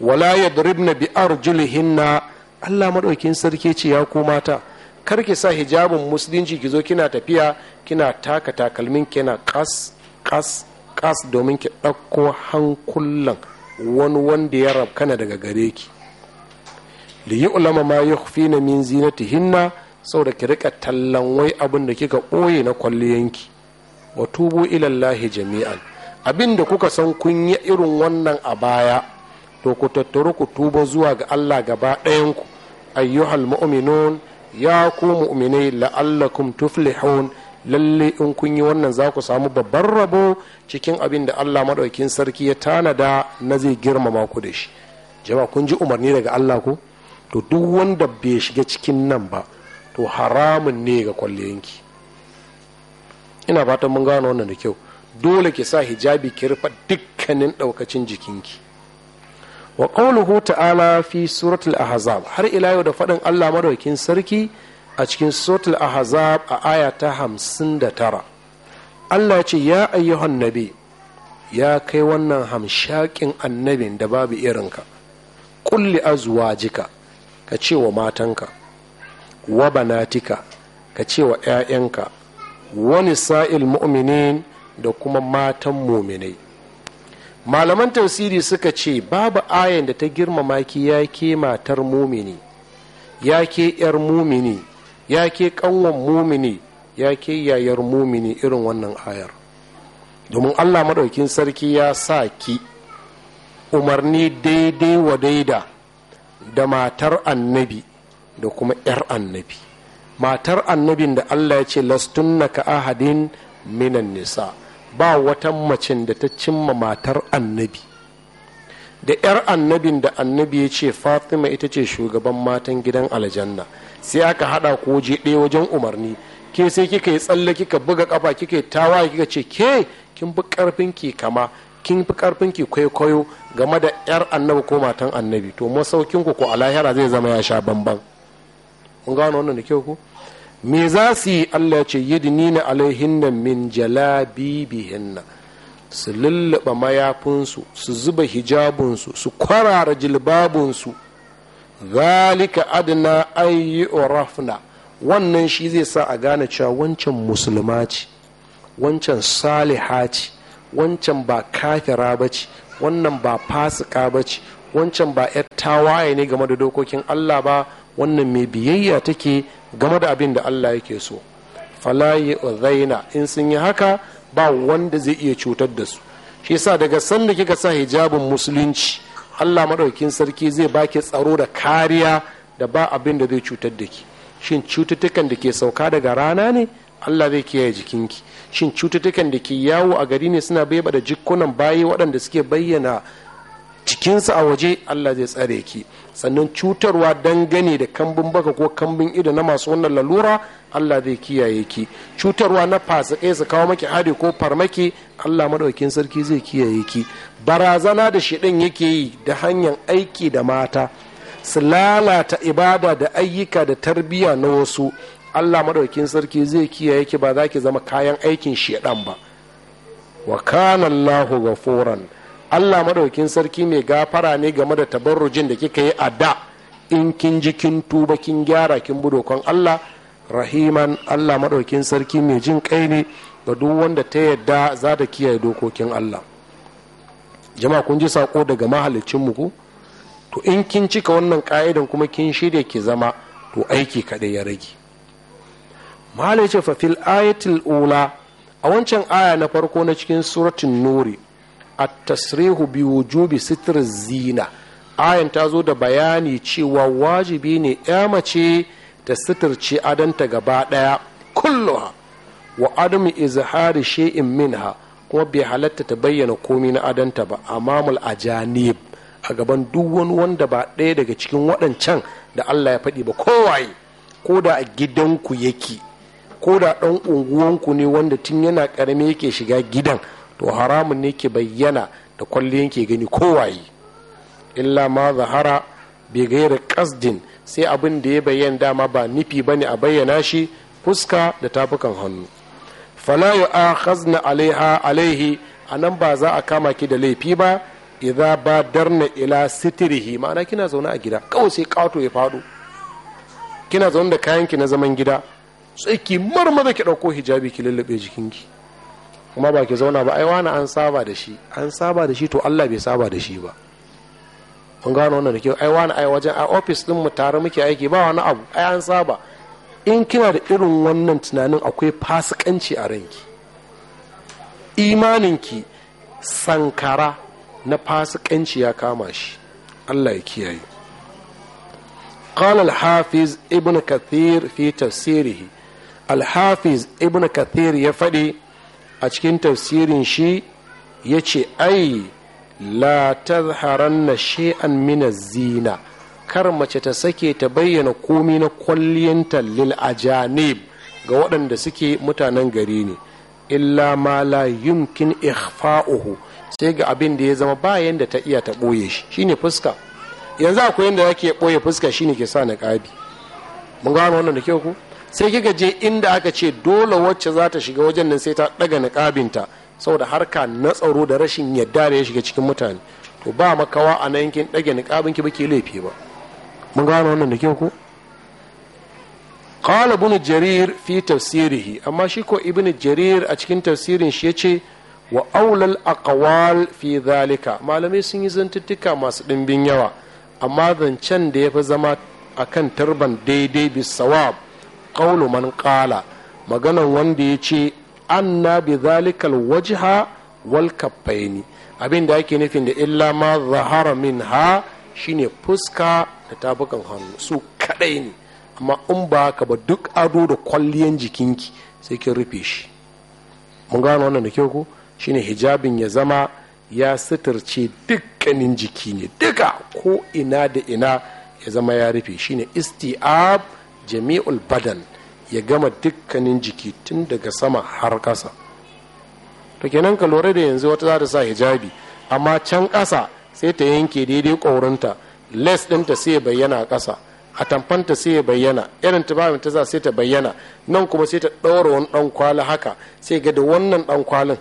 wala yadribna bi arjulihinna Allah maɗaukin sarki ce ya ko mata kar ki sa hijabin musulunci ki zo kina tafiya kina taka takalmin kina kas kas kas domin ki ɗauko hankulan wani wanda ya rabkana daga gare ki yi ulama ma na min sau saboda ki rika tallan wai abin da kika ɓoye na kwalliyanki wa tubu ilallahi jami'an abin da kuka san kun yi irin wannan a baya to ku tattaru ku tuba zuwa ga Allah gaba ɗayanku ayyuhal mu'minun ya ku mu'minai la'allakum tuflihun lalle in kun yi wannan za ku samu babban rabo cikin abin da Allah maɗaukin sarki ya tanada na zai girmama ku da shi jama'a kun ji umarni daga Allah ku to duk wanda bai shiga cikin nan ba to haramun ne ga kwalliyanki ina fatan mun gano wannan da kyau dole ki sa hijabi ki rufe dukkanin ɗaukacin jikinki wa ƙaunuhu ta'ala fi suratul ahzab har ila yau da faɗin Allah madaukin sarki a cikin suratul ahazab a aya ta hamsin da tara Allah ce ya ayyuhan nabi ya kai wannan hamshakin annabin da babu irinka kulli azwajika ka ce wa matanka wa banatika ka ce wa 'ya'yanka wani sa'il mu'minin da kuma matan muminai malaman tafsiri suka ce babu ayan da ta girmama ki ya ke matar mumini ya ke yar mumini ya ke kanwan mumini ya ke yayar mumini irin wannan ayar domin allah maɗaukin sarki ya sa ki umarni daidai wa daida da matar annabi da kuma 'yar annabi matar annabin da allah ya ce lastunna ka ahadin minan nisa' ba wata macin da ta cimma matar annabi da 'yar annabin da annabi ya ce fatima ita ce shugaban matan gidan aljanna sai aka hada ko je ɗaya wajen umarni ke sai kika yi tsalle kika buga kafa kika yi kika ce ke kin fi karfin ki kama kin fi karfin ki kwaikwayo game da 'yar annabi ko matan annabi to masaukin ku ko alahira zai zama ya sha bamban kun gano wannan da kyau ku me za su yi allah ce yidnina alaihinna min jalabibihinna su lullaba mayafinsu su zuba hijabinsu su kwarara jilbabinsu zalika adna ayi wannan shi zai sa a gane cewa wancan musulma ce wancan saliha ce wancan ba kafira ba ce wannan ba fasika ba ce wancan ba 'yar tawaye ne game da dokokin allah ba wannan mai biyayya take game da abin da Allah yake so falaye zaina in sun yi haka ba wanda zai iya cutar da su shi yasa daga sanda kika sa hijabin musulunci Allah madaukin sarki zai baki tsaro da kariya da ba abin da zai cutar da ki shin cututtukan da ke sauka daga rana ne Allah zai kiyaye jikinki shin cututtukan da ke yawo a gari ne suna bayyana jikkunan bayi waɗanda suke bayyana cikinsa a waje Allah zai tsare ki sannan cutarwa dangane da kambun baka ko kambun ido na masu wannan lalura Allah zai kiyaye ki cutarwa na fasikai su kawo maki hari ko farmaki Allah madaukin sarki zai kiyaye ki barazana da shiɗin yake yi da hanyar aiki da mata su lalata ibada da ayyuka da tarbiyya na wasu Allah madaukin sarki zai kiyaye ki ba za ki zama kayan aikin shiɗan ba wa kana Allahu ghafuran allah madaukin sarki mai gafara ne game da tabarrujin da kika yi a da in kin ji kin tuba kin gyara kin budokon allah rahiman allah madaukin sarki mai jin kai ne ga duk wanda ta yadda za ta kiyaye dokokin allah jama'a kun ji sako daga mahalicin mu ku to in kin cika wannan ka'idan kuma kin shirya ki zama to aiki kaɗai ya rage mahalicin fafil ayatul ula a wancan aya na farko na cikin suratun nuri التصريح tasrihu ستر wujubi sitr zina ayan ta zo da bayani cewa wajibi ne ya mace ta sitirce adanta gaba daya wa adamu izhari shay'in minha kuma bai halatta ta bayyana komai na adanta ba amamul ajanib a gaban duk wani wanda ba ɗaya daga cikin waɗancan da Allah ya faɗi ba kowaye ko da a gidanku yake ko da ɗan unguwanku ne wanda tun yana ƙarami yake shiga gidan to haramun ne ke bayyana da kwalliyan ke gani kowaye illa ma zahara bi gairi kasdin sai abin da ya bayyana dama ba nufi ne a bayyana shi fuska da tafukan hannu fala khazna alaiha alaihi nan ba za a kama ki da laifi ba idza badarna ila sitirihi ma'ana kina zaune a gida kawai sai kato ya fado kina zaune da kayan ki na zaman gida sai ki marmaza ki ɗauko hijabi ki lullube jikinki kuma ba ki zauna ba ai wani an saba da shi an saba da shi to Allah bai saba da shi ba kun gano wannan da ke ai wani ai wajen a office din mu tare muke aiki ba wani abu ai an saba in kina da irin wannan tunanin akwai fasikanci a ranki imaninki sankara na fasikanci ya kama shi Allah ya kiyaye قال الحافظ ابن كثير في تفسيره الحافظ ابن كثير يفدي a cikin tafsirin shi ya ce ai la tazharanna she'an mina zina kar mace ta sake ta bayyana komi na kwalliyanta lil ajanib ga waɗanda suke mutanen gari ne illa ma la yumkin ikhfa'uhu sai ga abin da ya zama bayan da ta iya ta ɓoye shi shine fuska yanzu akwai yadda yake ɓoye fuska shine ke sa na ƙabi mun gano wannan da kyau ku sai kika je inda aka ce dole wacce za ta shiga wajen nan sai ta daga ta saboda harka na tsaro da rashin yadda da ya shiga cikin mutane to ba makawa a nan yankin dage niƙabin ki baki laifi ba mun gano wannan da kyau ko qala ibn jarir fi tafsirihi amma shi ko ibn jarir a cikin tafsirin shi yace wa aulal aqwal fi zalika malamai sun yi zantuttuka masu ɗimbin yawa amma zancen da ya fi zama akan tarban daidai bisawab qawlu man qala wanda ya ce anna bi zalikal wajha wal kaffaini abin da ake nufin da illa ma zahara min ha shine fuska da tafakan hannu su kadai ne amma in ba ka ba duk ado da kwalliyan jikinki sai kin rufe shi mun gano wannan da kyau ko shine hijabin ya zama ya sitirce dukkanin jiki ne duka ko ina da ina ya zama ya rufe shine isti'ab jami'ul badan ya gama dukkanin jiki tun daga sama har kasa to kenan ka lura da yanzu wata za ta sa hijabi amma can ƙasa sai ta yanke daidai ƙaurinta les ɗinta sai ya bayyana kasa ƙasa a tamfanta sai ya bayyana irin tubabin ta za sai ta bayyana nan kuma sai ta ɗaura wani ɗan kwali haka sai ga da wannan ɗan kwalin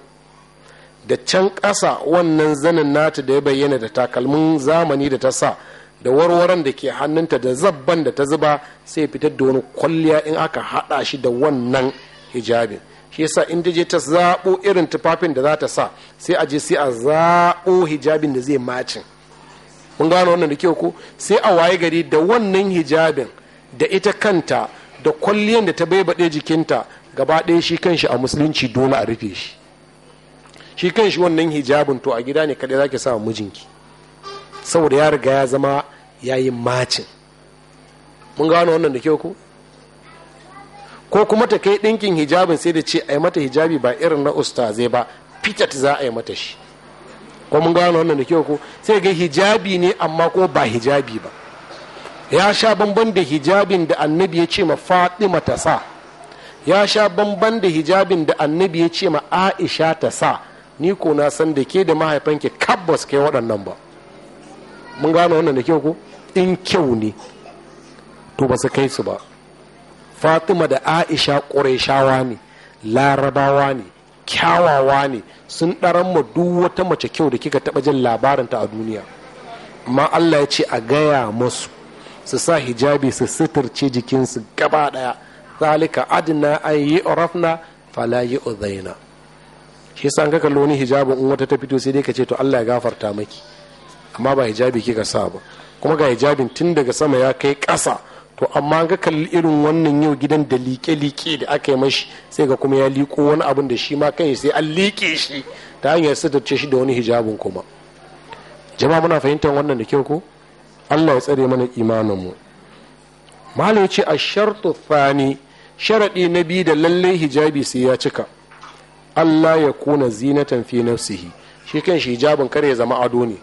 da can ƙasa wannan zanin nata da ya bayyana da takalmin zamani da ta sa da warwaran da ke hannunta da zabban da ta zuba sai fitar da wani kwalliya in aka haɗa shi da wannan hijabin shi yasa in ta je ta zaɓo irin tufafin da za ta sa sai a je sai a zaɓo hijabin da zai macin mun gano wannan da kyau ko sai a waye gari da wannan hijabin da ita kanta da kwalliyan da ta baibaɗe jikinta gaba ɗaya shi kanshi a musulunci dole a rufe shi shi kanshi wannan hijabin to a gida ne kaɗai za ki sa mijinki saboda ya riga ya zama Yayi macin mun gano wannan da kyau ko ko kuma ta kai ɗinkin hijabin sai da ce a yi mata hijabi ba irin na ustazai ba fitat za a yi mata shi ko mun gano wannan da kyau ko sai ga hijabi ne amma ko ba hijabi ba ya sha bamban da hijabin da annabi ya ce ma fatima ta sa ya sha bamban da hijabin da annabi ya ce ma aisha ta sa ni ko na san da ke da mahaifanki kabbas kai waɗannan ba mun gano wannan da kyau ko in kyau ne to ba su kai su ba fatima da aisha ƙureshawa ne larabawa ne kyawawa ne sun ɗaran ma duk wata mace kyau da kika taɓa jin labarinta a duniya amma allah ya ce a gaya masu su sa hijabi su suturce jikinsu gaba ɗaya zalika adina an yi orafna fala yi uzaina shi sa ga ka wani hijabin in wata ta fito sai dai ka ce to allah ya gafarta maki amma ba hijabi kika sa ba kuma ga hijabin tun daga sama ya kai ƙasa to amma ga kalli irin wannan yau gidan da liƙe-liƙe da aka yi mashi sai ga kuma ya liƙo wani abin da shi ma kan sai an liƙe shi ta hanyar sitarce shi da wani hijabin kuma jama'a muna fahimtar wannan da kyau ko allah ya tsare mana imaninmu malam ya ce a shartu fani sharaɗi na biyu da lallai hijabi sai ya cika allah ya kuna zinatan fi nafsihi shi kan shi hijabin kare ya zama ado ne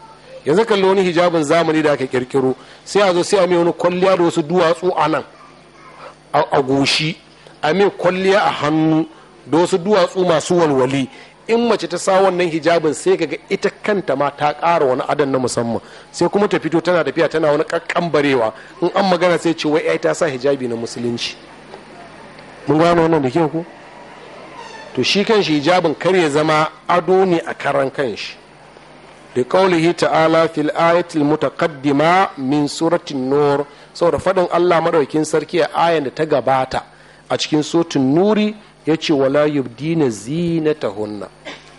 yanzu kalli wani hijabin zamani da aka kirkiro sai a zo sai a mai wani kwalliya da wasu duwatsu a nan a goshi a mai kwalliya a hannu da wasu duwatsu masu walwali in mace ta sa wannan hijabin sai ga ita kanta ma ta ƙara wani adan na musamman sai kuma ta fito tana tafiya tana wani barewa in an magana sai ce wai ai ta sa hijabi na musulunci mun gano wannan da kyau ko to shi kan hijabin kar ya zama ado ne a karan kanshi da kaulihi ta'ala fil ayatil mutaqaddima min suratin nur saboda faɗin Allah maɗaukin sarki a ayan da ta gabata a cikin sotun nuri ya ce wala yubdina zinatahunna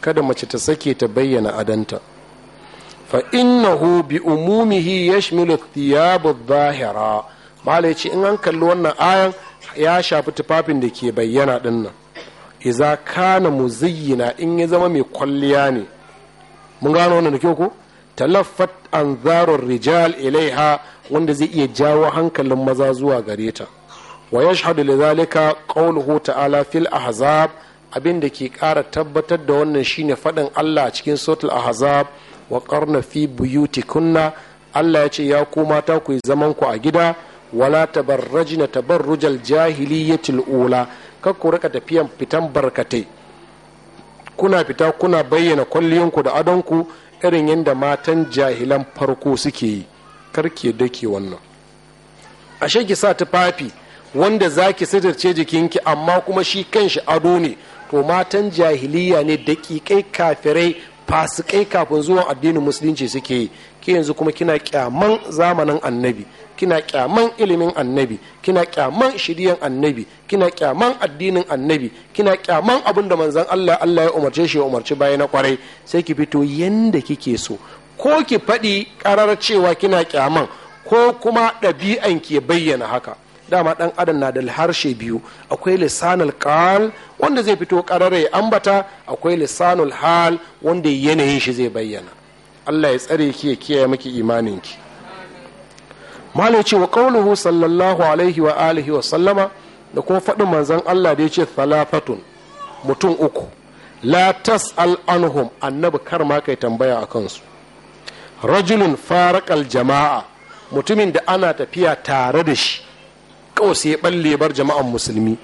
kada mace ta sake ta bayyana adanta fa innahu bi umumihi yashmilu thiyab dhahira mala yace in an kalli wannan ayan ya shafi tufafin da ke bayyana dinnan Izakana kana muzayyina in ya zama mai kwalliya ne mun gano wannan da kyau ko talaffat zarar rijal ilaiha wanda zai iya jawo hankalin maza zuwa gare ta wa yashhadu zalika qawluhu ta'ala fil ahzab abin da ke ƙara tabbatar da wannan shine faɗin Allah a cikin suratul ahzab wa qarna fi buyutikunna Allah ya ce ya ku mata ku yi zaman ku a gida wala tabarrajna tabarrujal jahiliyatil ula kar ku rika tafiyan fitan barkatai kuna fita kuna bayyana kwalliyanku da adonku irin yadda matan jahilan farko suke yi karke dake wannan ashe ki sa tufafi wanda za ki sitarce jikinki amma kuma shi kanshi ado ne to matan jahiliya ne daƙiƙai kafirai fasikai kafin zuwan addinin musulunci suke yi ke yanzu kuma kina kyaman zamanin annabi kina kyaman ilimin annabi kina kyaman shiriyan annabi kina kyaman addinin annabi kina kyaman abin da manzon Allah Allah ya umarce shi ya umarci baya na kwarai sai ki fito yanda kike so ko ki faɗi karar cewa kina kyaman ko kuma ɗabi'an ki bayyana haka dama ɗan adam na da harshe biyu akwai lisanul qal wanda zai fito karar ambata akwai lisanul hal wanda yanayin shi zai bayyana Allah ya tsare ki ya kiyaye miki imanin ki malai ce wa qauluhu sallallahu alaihi wa alihi wa sallama da kuma faɗin manzon Allah da ya ce salafatun mutum uku la tas'al anhum annabi kar ma kai tambaya a kansu rajulun farakal jama'a mutumin da ana tafiya tare da shi kawai sai ya balle bar jama'an musulmi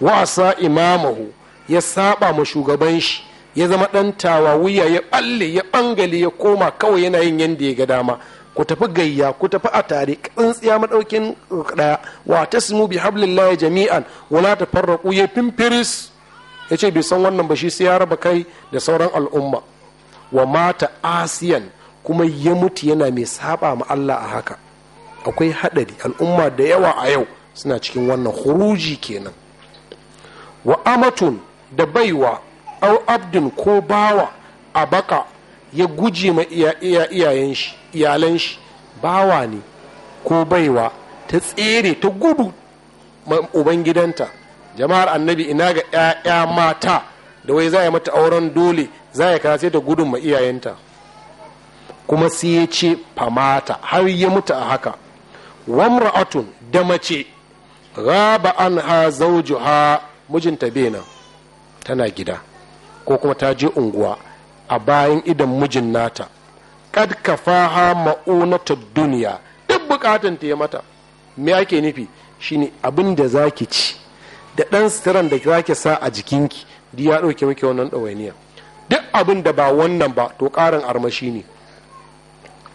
wasa imamahu ya saba ma shugaban shi ya zama dan wuya ya ɓalle ya ɓangale ya koma kawai yana yin yadda ya ga dama ku tafi gayya ku tafi a tare tsintsiya madaukin daya wa tasmu bi hablillahi jami'an wala tafarraqu ya fimfiris yace bai san wannan ba shi sai ya raba kai da sauran al'umma wa mata asiyan kuma ya mutu yana mai saba ma Allah a haka akwai haɗari al'umma da yawa a yau suna cikin wannan huruji kenan wa amatun da baiwa au abdin ko bawa a ya guje ma iyayen shi iyalan bawa ne ko baiwa ta tsere ta gudu ubangidanta jama'ar annabi ina ga 'ya'ya mata da wai za mata auren dole za ya kace ta gudun ma iyayenta kuma sai ya ce famata har ya mutu a haka wamra'atun da mace Raba'an an ha zaujuha mijinta bena tana gida ko kuma ta je unguwa a bayan idan mijin nata kad faha ma'unata duniya duk bukatan ta ya mata me ake nufi shine abin da zaki ci da dan sitiran da zaki sa a jikinki duk ya ɗauke miki wannan dawainiya duk abin da ba wannan ba to karin armashi ne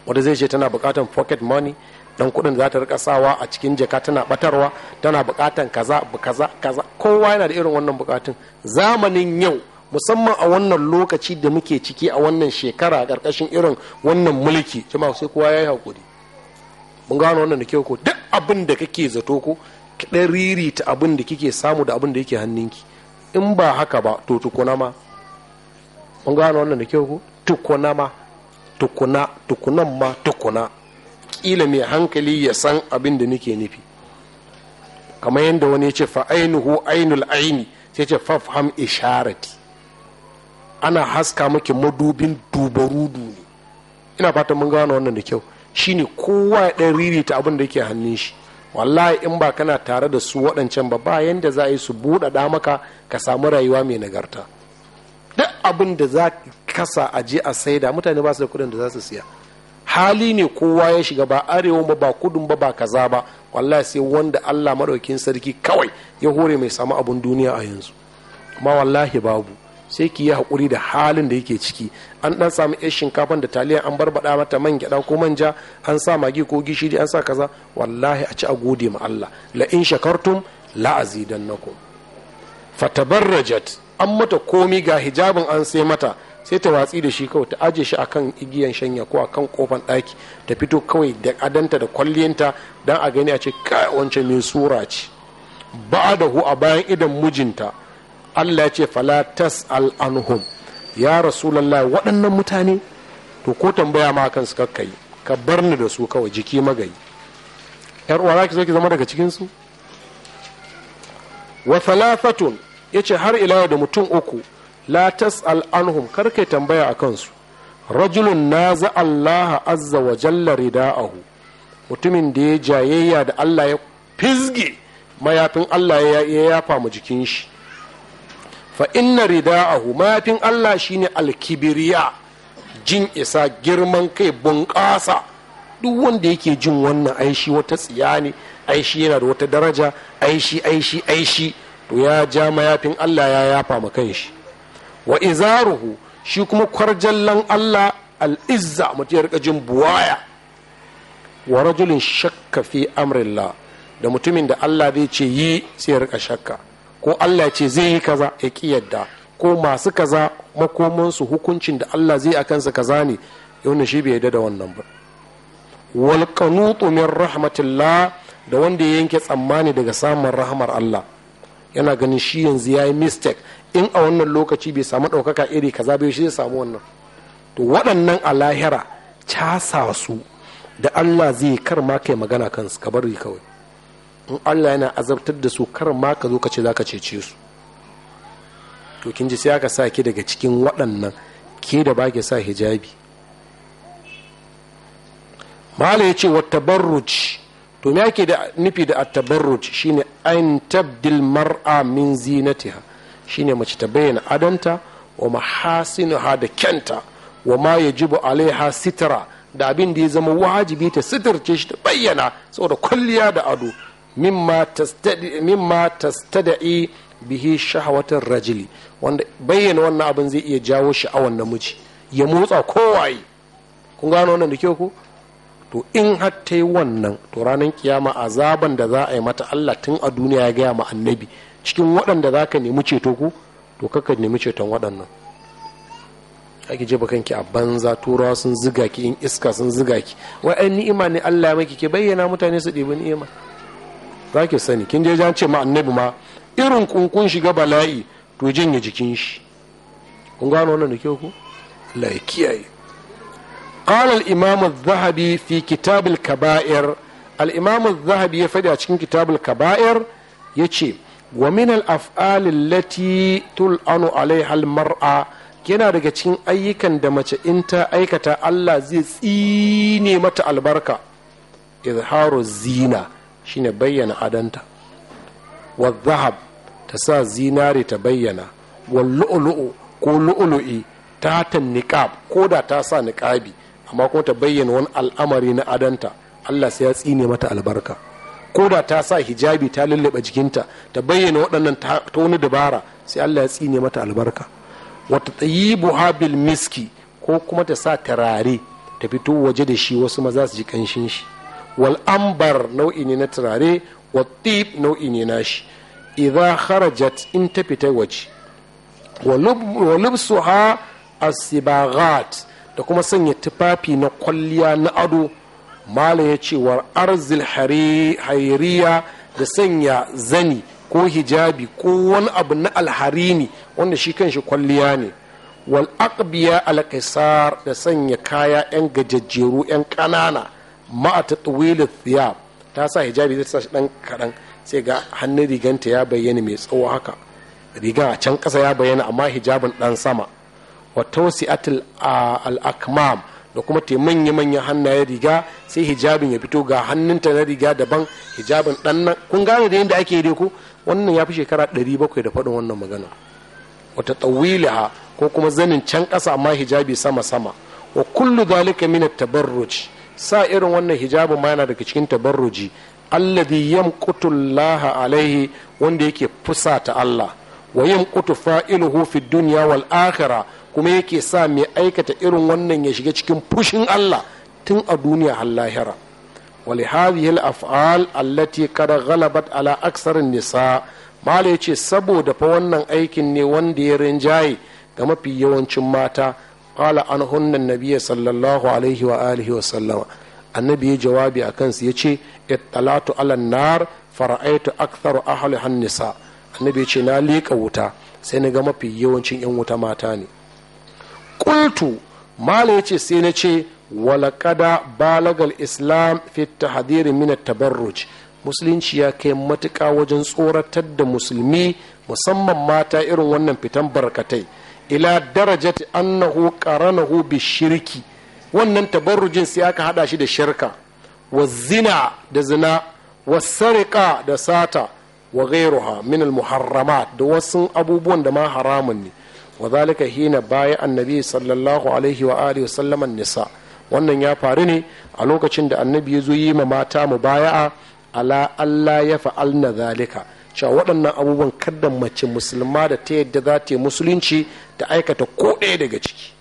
wanda zai ce tana bukatan pocket money dan kudin da za ta rika sawa a cikin jaka tana batarwa tana bukatan kaza kaza kaza kowa yana da irin wannan bukatun zamanin yau musamman a wannan lokaci da muke ciki a wannan shekara karkashin irin wannan mulki jama'a sai kowa ya yi haƙuri mun gano wannan da kyau ko duk abin da kake zato ko ki ɗan ririta abin da kike samu da abin da yake hannunki in ba haka ba to tukuna ma mun gano wannan da kyau ko tukuna ma tukuna tukunan ma tukuna kila mai hankali ya san abin da nake nufi kamar yadda wani ya ce fa ainihu ainul aini sai ce fafham isharati ana haska maki madubin dubarudu ne ina fata mun gano wannan da kyau shine kowa ya dan ririta abin da yake hannun shi wallahi in ba kana tare da su waɗancan ba ba yanda za a yi su buɗa maka ka samu rayuwa mai nagarta duk abin da za kasa a je a saida mutane ba su da kuɗin da za su siya hali ne kowa ya shiga ba arewa ba ba kudun ba ba kaza ba wallahi sai wanda Allah maɗaukin sarki kawai ya hore mai samu abin duniya a yanzu amma wallahi babu sai ki yi hakuri da halin da yake ciki an ɗan samu yan shinkafan da taliya an barbaɗa mata man gyaɗa ko manja an sa magi ko gishiri an sa kaza wallahi a ci a gode ma Allah la in shakartum la azidannakum fatabarrajat an mata komi ga hijabin an sai mata sai ta watsi da shi kawai ta aje shi akan igiyan shanya ko akan kofan ɗaki ta fito kawai da adanta da kwalliyanta dan a gani a ce kai wancan mai sura ce ba da hu a bayan idan mijinta allah ya ce fala tas'al anhum ya rasulallah waɗannan mutane to ko tambaya ma kansu kakkai ka bar ni da su kawai jiki magayi yar uwa ki zo ki zama daga cikinsu wa falafatun ya ce har ila da mutum uku la tas anhum kar kai tambaya a kansu rajulun na za Allah azza wa jalla rida'ahu mutumin da ya jayayya da Allah ya fizge mayafin Allah ya yafa mu jikin shi fa inna rida'ahu mayafin Allah shine alkibiriya jin isa girman kai bunƙasa duk wanda yake jin wannan aishi wata tsiya ne aishi yana da wata daraja aishi aishi aishi to ya ja mayafin Allah ya yafa ma kanshi wa izaruhu shi kuma kwarjallan Allah al'izza mutum ya rika jin buwaya wa rajulin shakka fi amrillah da mutumin da Allah zai ce yi sai ya rika shakka ko Allah ya ce zai yi kaza ya ki yadda ko masu kaza makomansu hukuncin da Allah zai a su kaza ne yau shi bai yadda da wannan ba wal qanutu min rahmatillah da wanda ya yanke tsammani daga samun rahmar Allah yana ganin shi yanzu ya yi mistake in a wannan lokaci bai samu ɗaukaka iri kaza bai shi zai samu wannan to waɗannan a lahira casa su da Allah zai kar ma kai magana kansu ka bari kawai in Allah yana azabtar da su kar ma ka zo ka ce ka cece su to kin ji sai aka sa ki daga cikin waɗannan ke da ba sa hijabi mala ya ce wata barruj to me ake da nufi da tabarruj shine an tabdil mar'a min zinatiha shine mace ta bayyana adanta wa mahasinuha da kyanta wa ma yajibu alaiha sitara da abin da ya zama wajibi ta sitarce shi ta bayyana saboda kwalliya da ado mimma tastada'i bihi shahawatar rajili wanda bayyana wannan abin zai iya jawo sha'awar namiji ya motsa kowaye kun gano wannan da kyau ku to in har ta yi wannan to ranar kiyama azaban da za a yi mata Allah tun a duniya ya gaya ma annabi cikin waɗanda za ka nemi ceto ku to kaka nemi ceton waɗannan ake jefa kanki a banza turawa sun ziga ki in iska sun ziga ki wayan ni'ima ne Allah ya maki ke bayyana mutane su ɗibi ni'ima za ki sani kin je jan ce ma annabi ma irin kunkun shiga bala'i to ya jikin shi kun gano wannan da kyau ko Zahabi ya kiyaye قال الإمام Zahabi ya كتاب cikin kitab al kaba'ir yace wa min al af'al allati tul'anu alaiha al mar'a yana daga cikin ayyukan da mace in ta aikata Allah zai tsine mata albarka izharu zina shine bayyana adanta wa ta sa zinare ta bayyana wa ko lu'ulu'i ta ta niqab ko da ta sa niqabi amma ko ta bayyana wani al'amari na adanta Allah sai ya tsine mata albarka ko da ta sa hijabi ta lullube jikinta ta bayyana waɗannan ta wani dabara sai Allah ya tsine mata albarka wata tsayibu habil miski ko kuma ta sa tarare ta fito waje da shi wasu maza su ji kanshin shi Wal'ambar nau'i ne na turare wa nau'i ne na shi idza kharajat in ta fita waje wa lubsuha da kuma sanya tufafi na kwalliya na ado mala ya ce wa arzil hairiya da sanya zani ko hijabi ko wani abu na alharini wanda shi kanshi kwalliya ne wal aqbiya da sanya kaya yan gajajjeru yan ƙanana. ma'a ta ya ta sa hijabi zai sa shi dan kaɗan sai ga hannun riganta ya bayyana mai tsawo haka riga a can kasa ya bayyana amma hijabin ɗan sama wa tawsi'atul al-akmam da kuma te manya manya hannaye riga sai hijabin ya fito ga hannunta na riga daban hijabin ɗan nan kun gane da yadda ake yi ku wannan ya fi shekara 700 da faɗin wannan magana wata tsawilaha ko kuma zanin can kasa amma hijabi sama sama wa kullu zalika min at-tabarruj sa irin wannan hijabin ma yana daga cikin tabarruji alladhi yamqutu Allah alaihi wanda yake fusata Allah wa yamqutu fa'iluhu fi dunya wal akhirah kuma yake sa mai aikata irin wannan ya shiga cikin fushin Allah tun a duniya har lahira ولهذه af'al allati قد غلبت ala أكثر nisa mala yace saboda fa wannan aikin ne wanda ya rinjaye ga mafi yawancin mata qala an hunnan nabiya sallallahu alaihi wa alihi wa sallama annabi ya jawabi a kansu ya ce ittalatu alan nar fara'aitu aktharu ahli hannisa annabi ya ce na leƙa wuta sai na ga mafi yawancin yan wuta mata ne ƙultu mala ya ce sai na ce walakada balagal islam fitta tahdhir min tabarruj musulunci ya kai matuƙa wajen tsoratar da musulmi musamman mata irin wannan fitan barkatai ila darajati annahu qaranahu bi shirki wannan tabarrujin sai aka hada shi da shirka wa zina da zina wa sarika da sata wa ghairuha min al muharramat da wasu abubuwan da ma haramun ne wa zalika hina baya annabi sallallahu alaihi wa alihi wa sallam nisa wannan ya faru ne a lokacin da annabi ya zo yi ma mata mubaya'a ala Allah ya fa'alna zalika cewa waɗannan abubuwan kadan mace musulma da ta yadda za ta yi musulunci ta aikata ko ɗaya daga ciki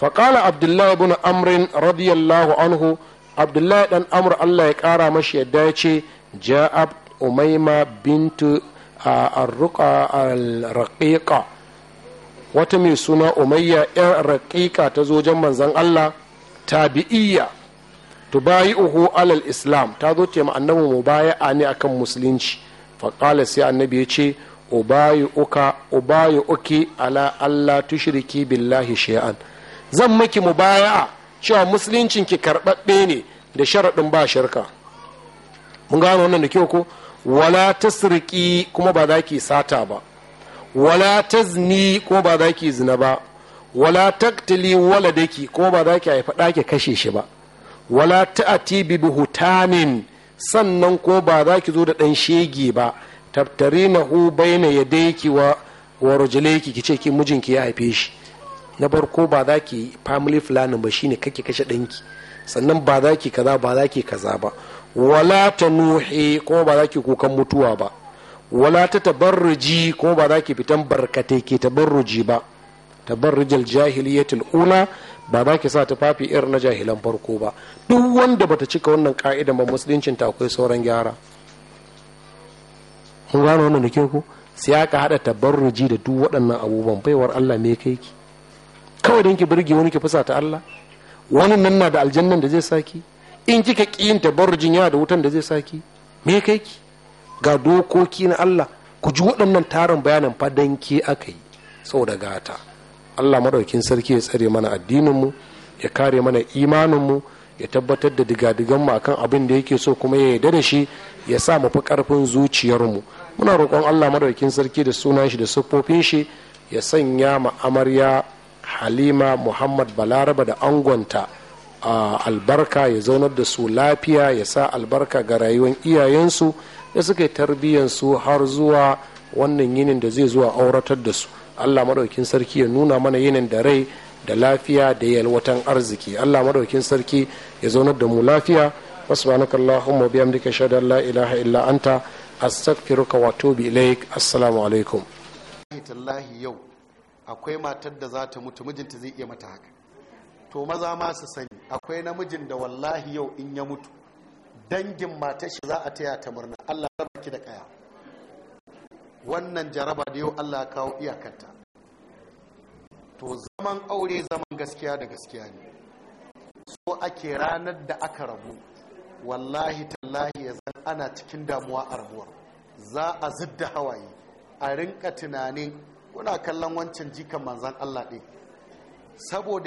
faƙala abdullahi bin amrin radiyallahu anhu abdullahi ɗan amur allah ya ƙara mashi yadda ya ce ja'ab umaima bintu a al raƙiƙa wata mai suna umayya yan raƙiƙa ta zo jan manzan allah tabi'iyya uhu alal islam ta zo ce ma annabi mu baya ne akan musulunci faƙala sai annabi ya ce ubayi uka ubayi uki ala allah tushriki billahi shay'an zan miki a cewa musuluncin ki karɓaɓɓe ne da sharaɗin ba shirka mun gano wannan da kyau ko wala ta tasriki kuma ba za ki sata ba wala tazni kuma ba za ki zina ba wala taktili waladaki kuma ba za ki haifa ɗaki kashe shi ba wala ta'ati bi buhutanin sannan ko ba za ki zo da ɗan shege ba taftari na hu baina ya daiki wa warjuleki ki ce ki mijinki ya haife shi na farko ba za ki family planning ba shine kake kashe ɗanki sannan ba za ki kaza ba za ki kaza ba wala ta nuhi ko ba za ki kukan mutuwa ba wala ta tabarruji ko ba za ki fitan barkatai ke tabarruji ba tabarrujal jahiliyatul ula ba za ki sa tufafi irin na jahilan farko ba duk wanda bata cika wannan ka'idan ba musuluncin ta akwai sauran gyara kun gano wannan nake ku sai aka hada tabarruji da duk waɗannan abubuwan baiwar Allah me kai ki kawai dan ki burge wani ki fusa ta Allah wani nan na da aljannan da zai saki in kika kiyin tabarrujin yana da wutan da zai saki me kai ki ga dokoki na Allah ku ji waɗannan tarin bayanan fadanki aka yi saboda gata allah maɗaukin sarki ya tsare mana addininmu ya kare mana imaninmu ya tabbatar da digadiganmu akan abin da yake so kuma ya yarda da shi ya sa mu fi ƙarfin zuciyarmu muna roƙon allah maɗaukin sarki da sunan shi da siffofin shi ya sanya ma amarya halima muhammad balaraba da angonta a albarka ya zaunar da su lafiya ya sa albarka ga rayuwar iyayensu da suka yi tarbiyyansu har zuwa wannan yinin da zai zuwa auratar da su allah maɗaukin sarki ya nuna mana yinin da rai da lafiya da yalwatan arziki allah maɗaukin sarki ya zaunar da mu lafiya wasbanaka allahumma bihamdika shada la ilaha illa anta astaghfiruka wa atubu ilaik assalamu alaikum yau akwai matar da za ta mutu mijinta zai iya mata haka to maza ma su sani akwai namijin da wallahi yau in ya mutu dangin matar shi za a taya ta murna allah ki da kaya wannan jaraba da yau Allah kawo iyakanta to zaman aure zaman gaskiya da gaskiya ne so ake ranar da aka rabu wallahi tallahi ya zan ana cikin damuwa a rabuwar za a zidda hawaye a rinka tunanin kuna kallon wancan jikan manzan Allah ɗin saboda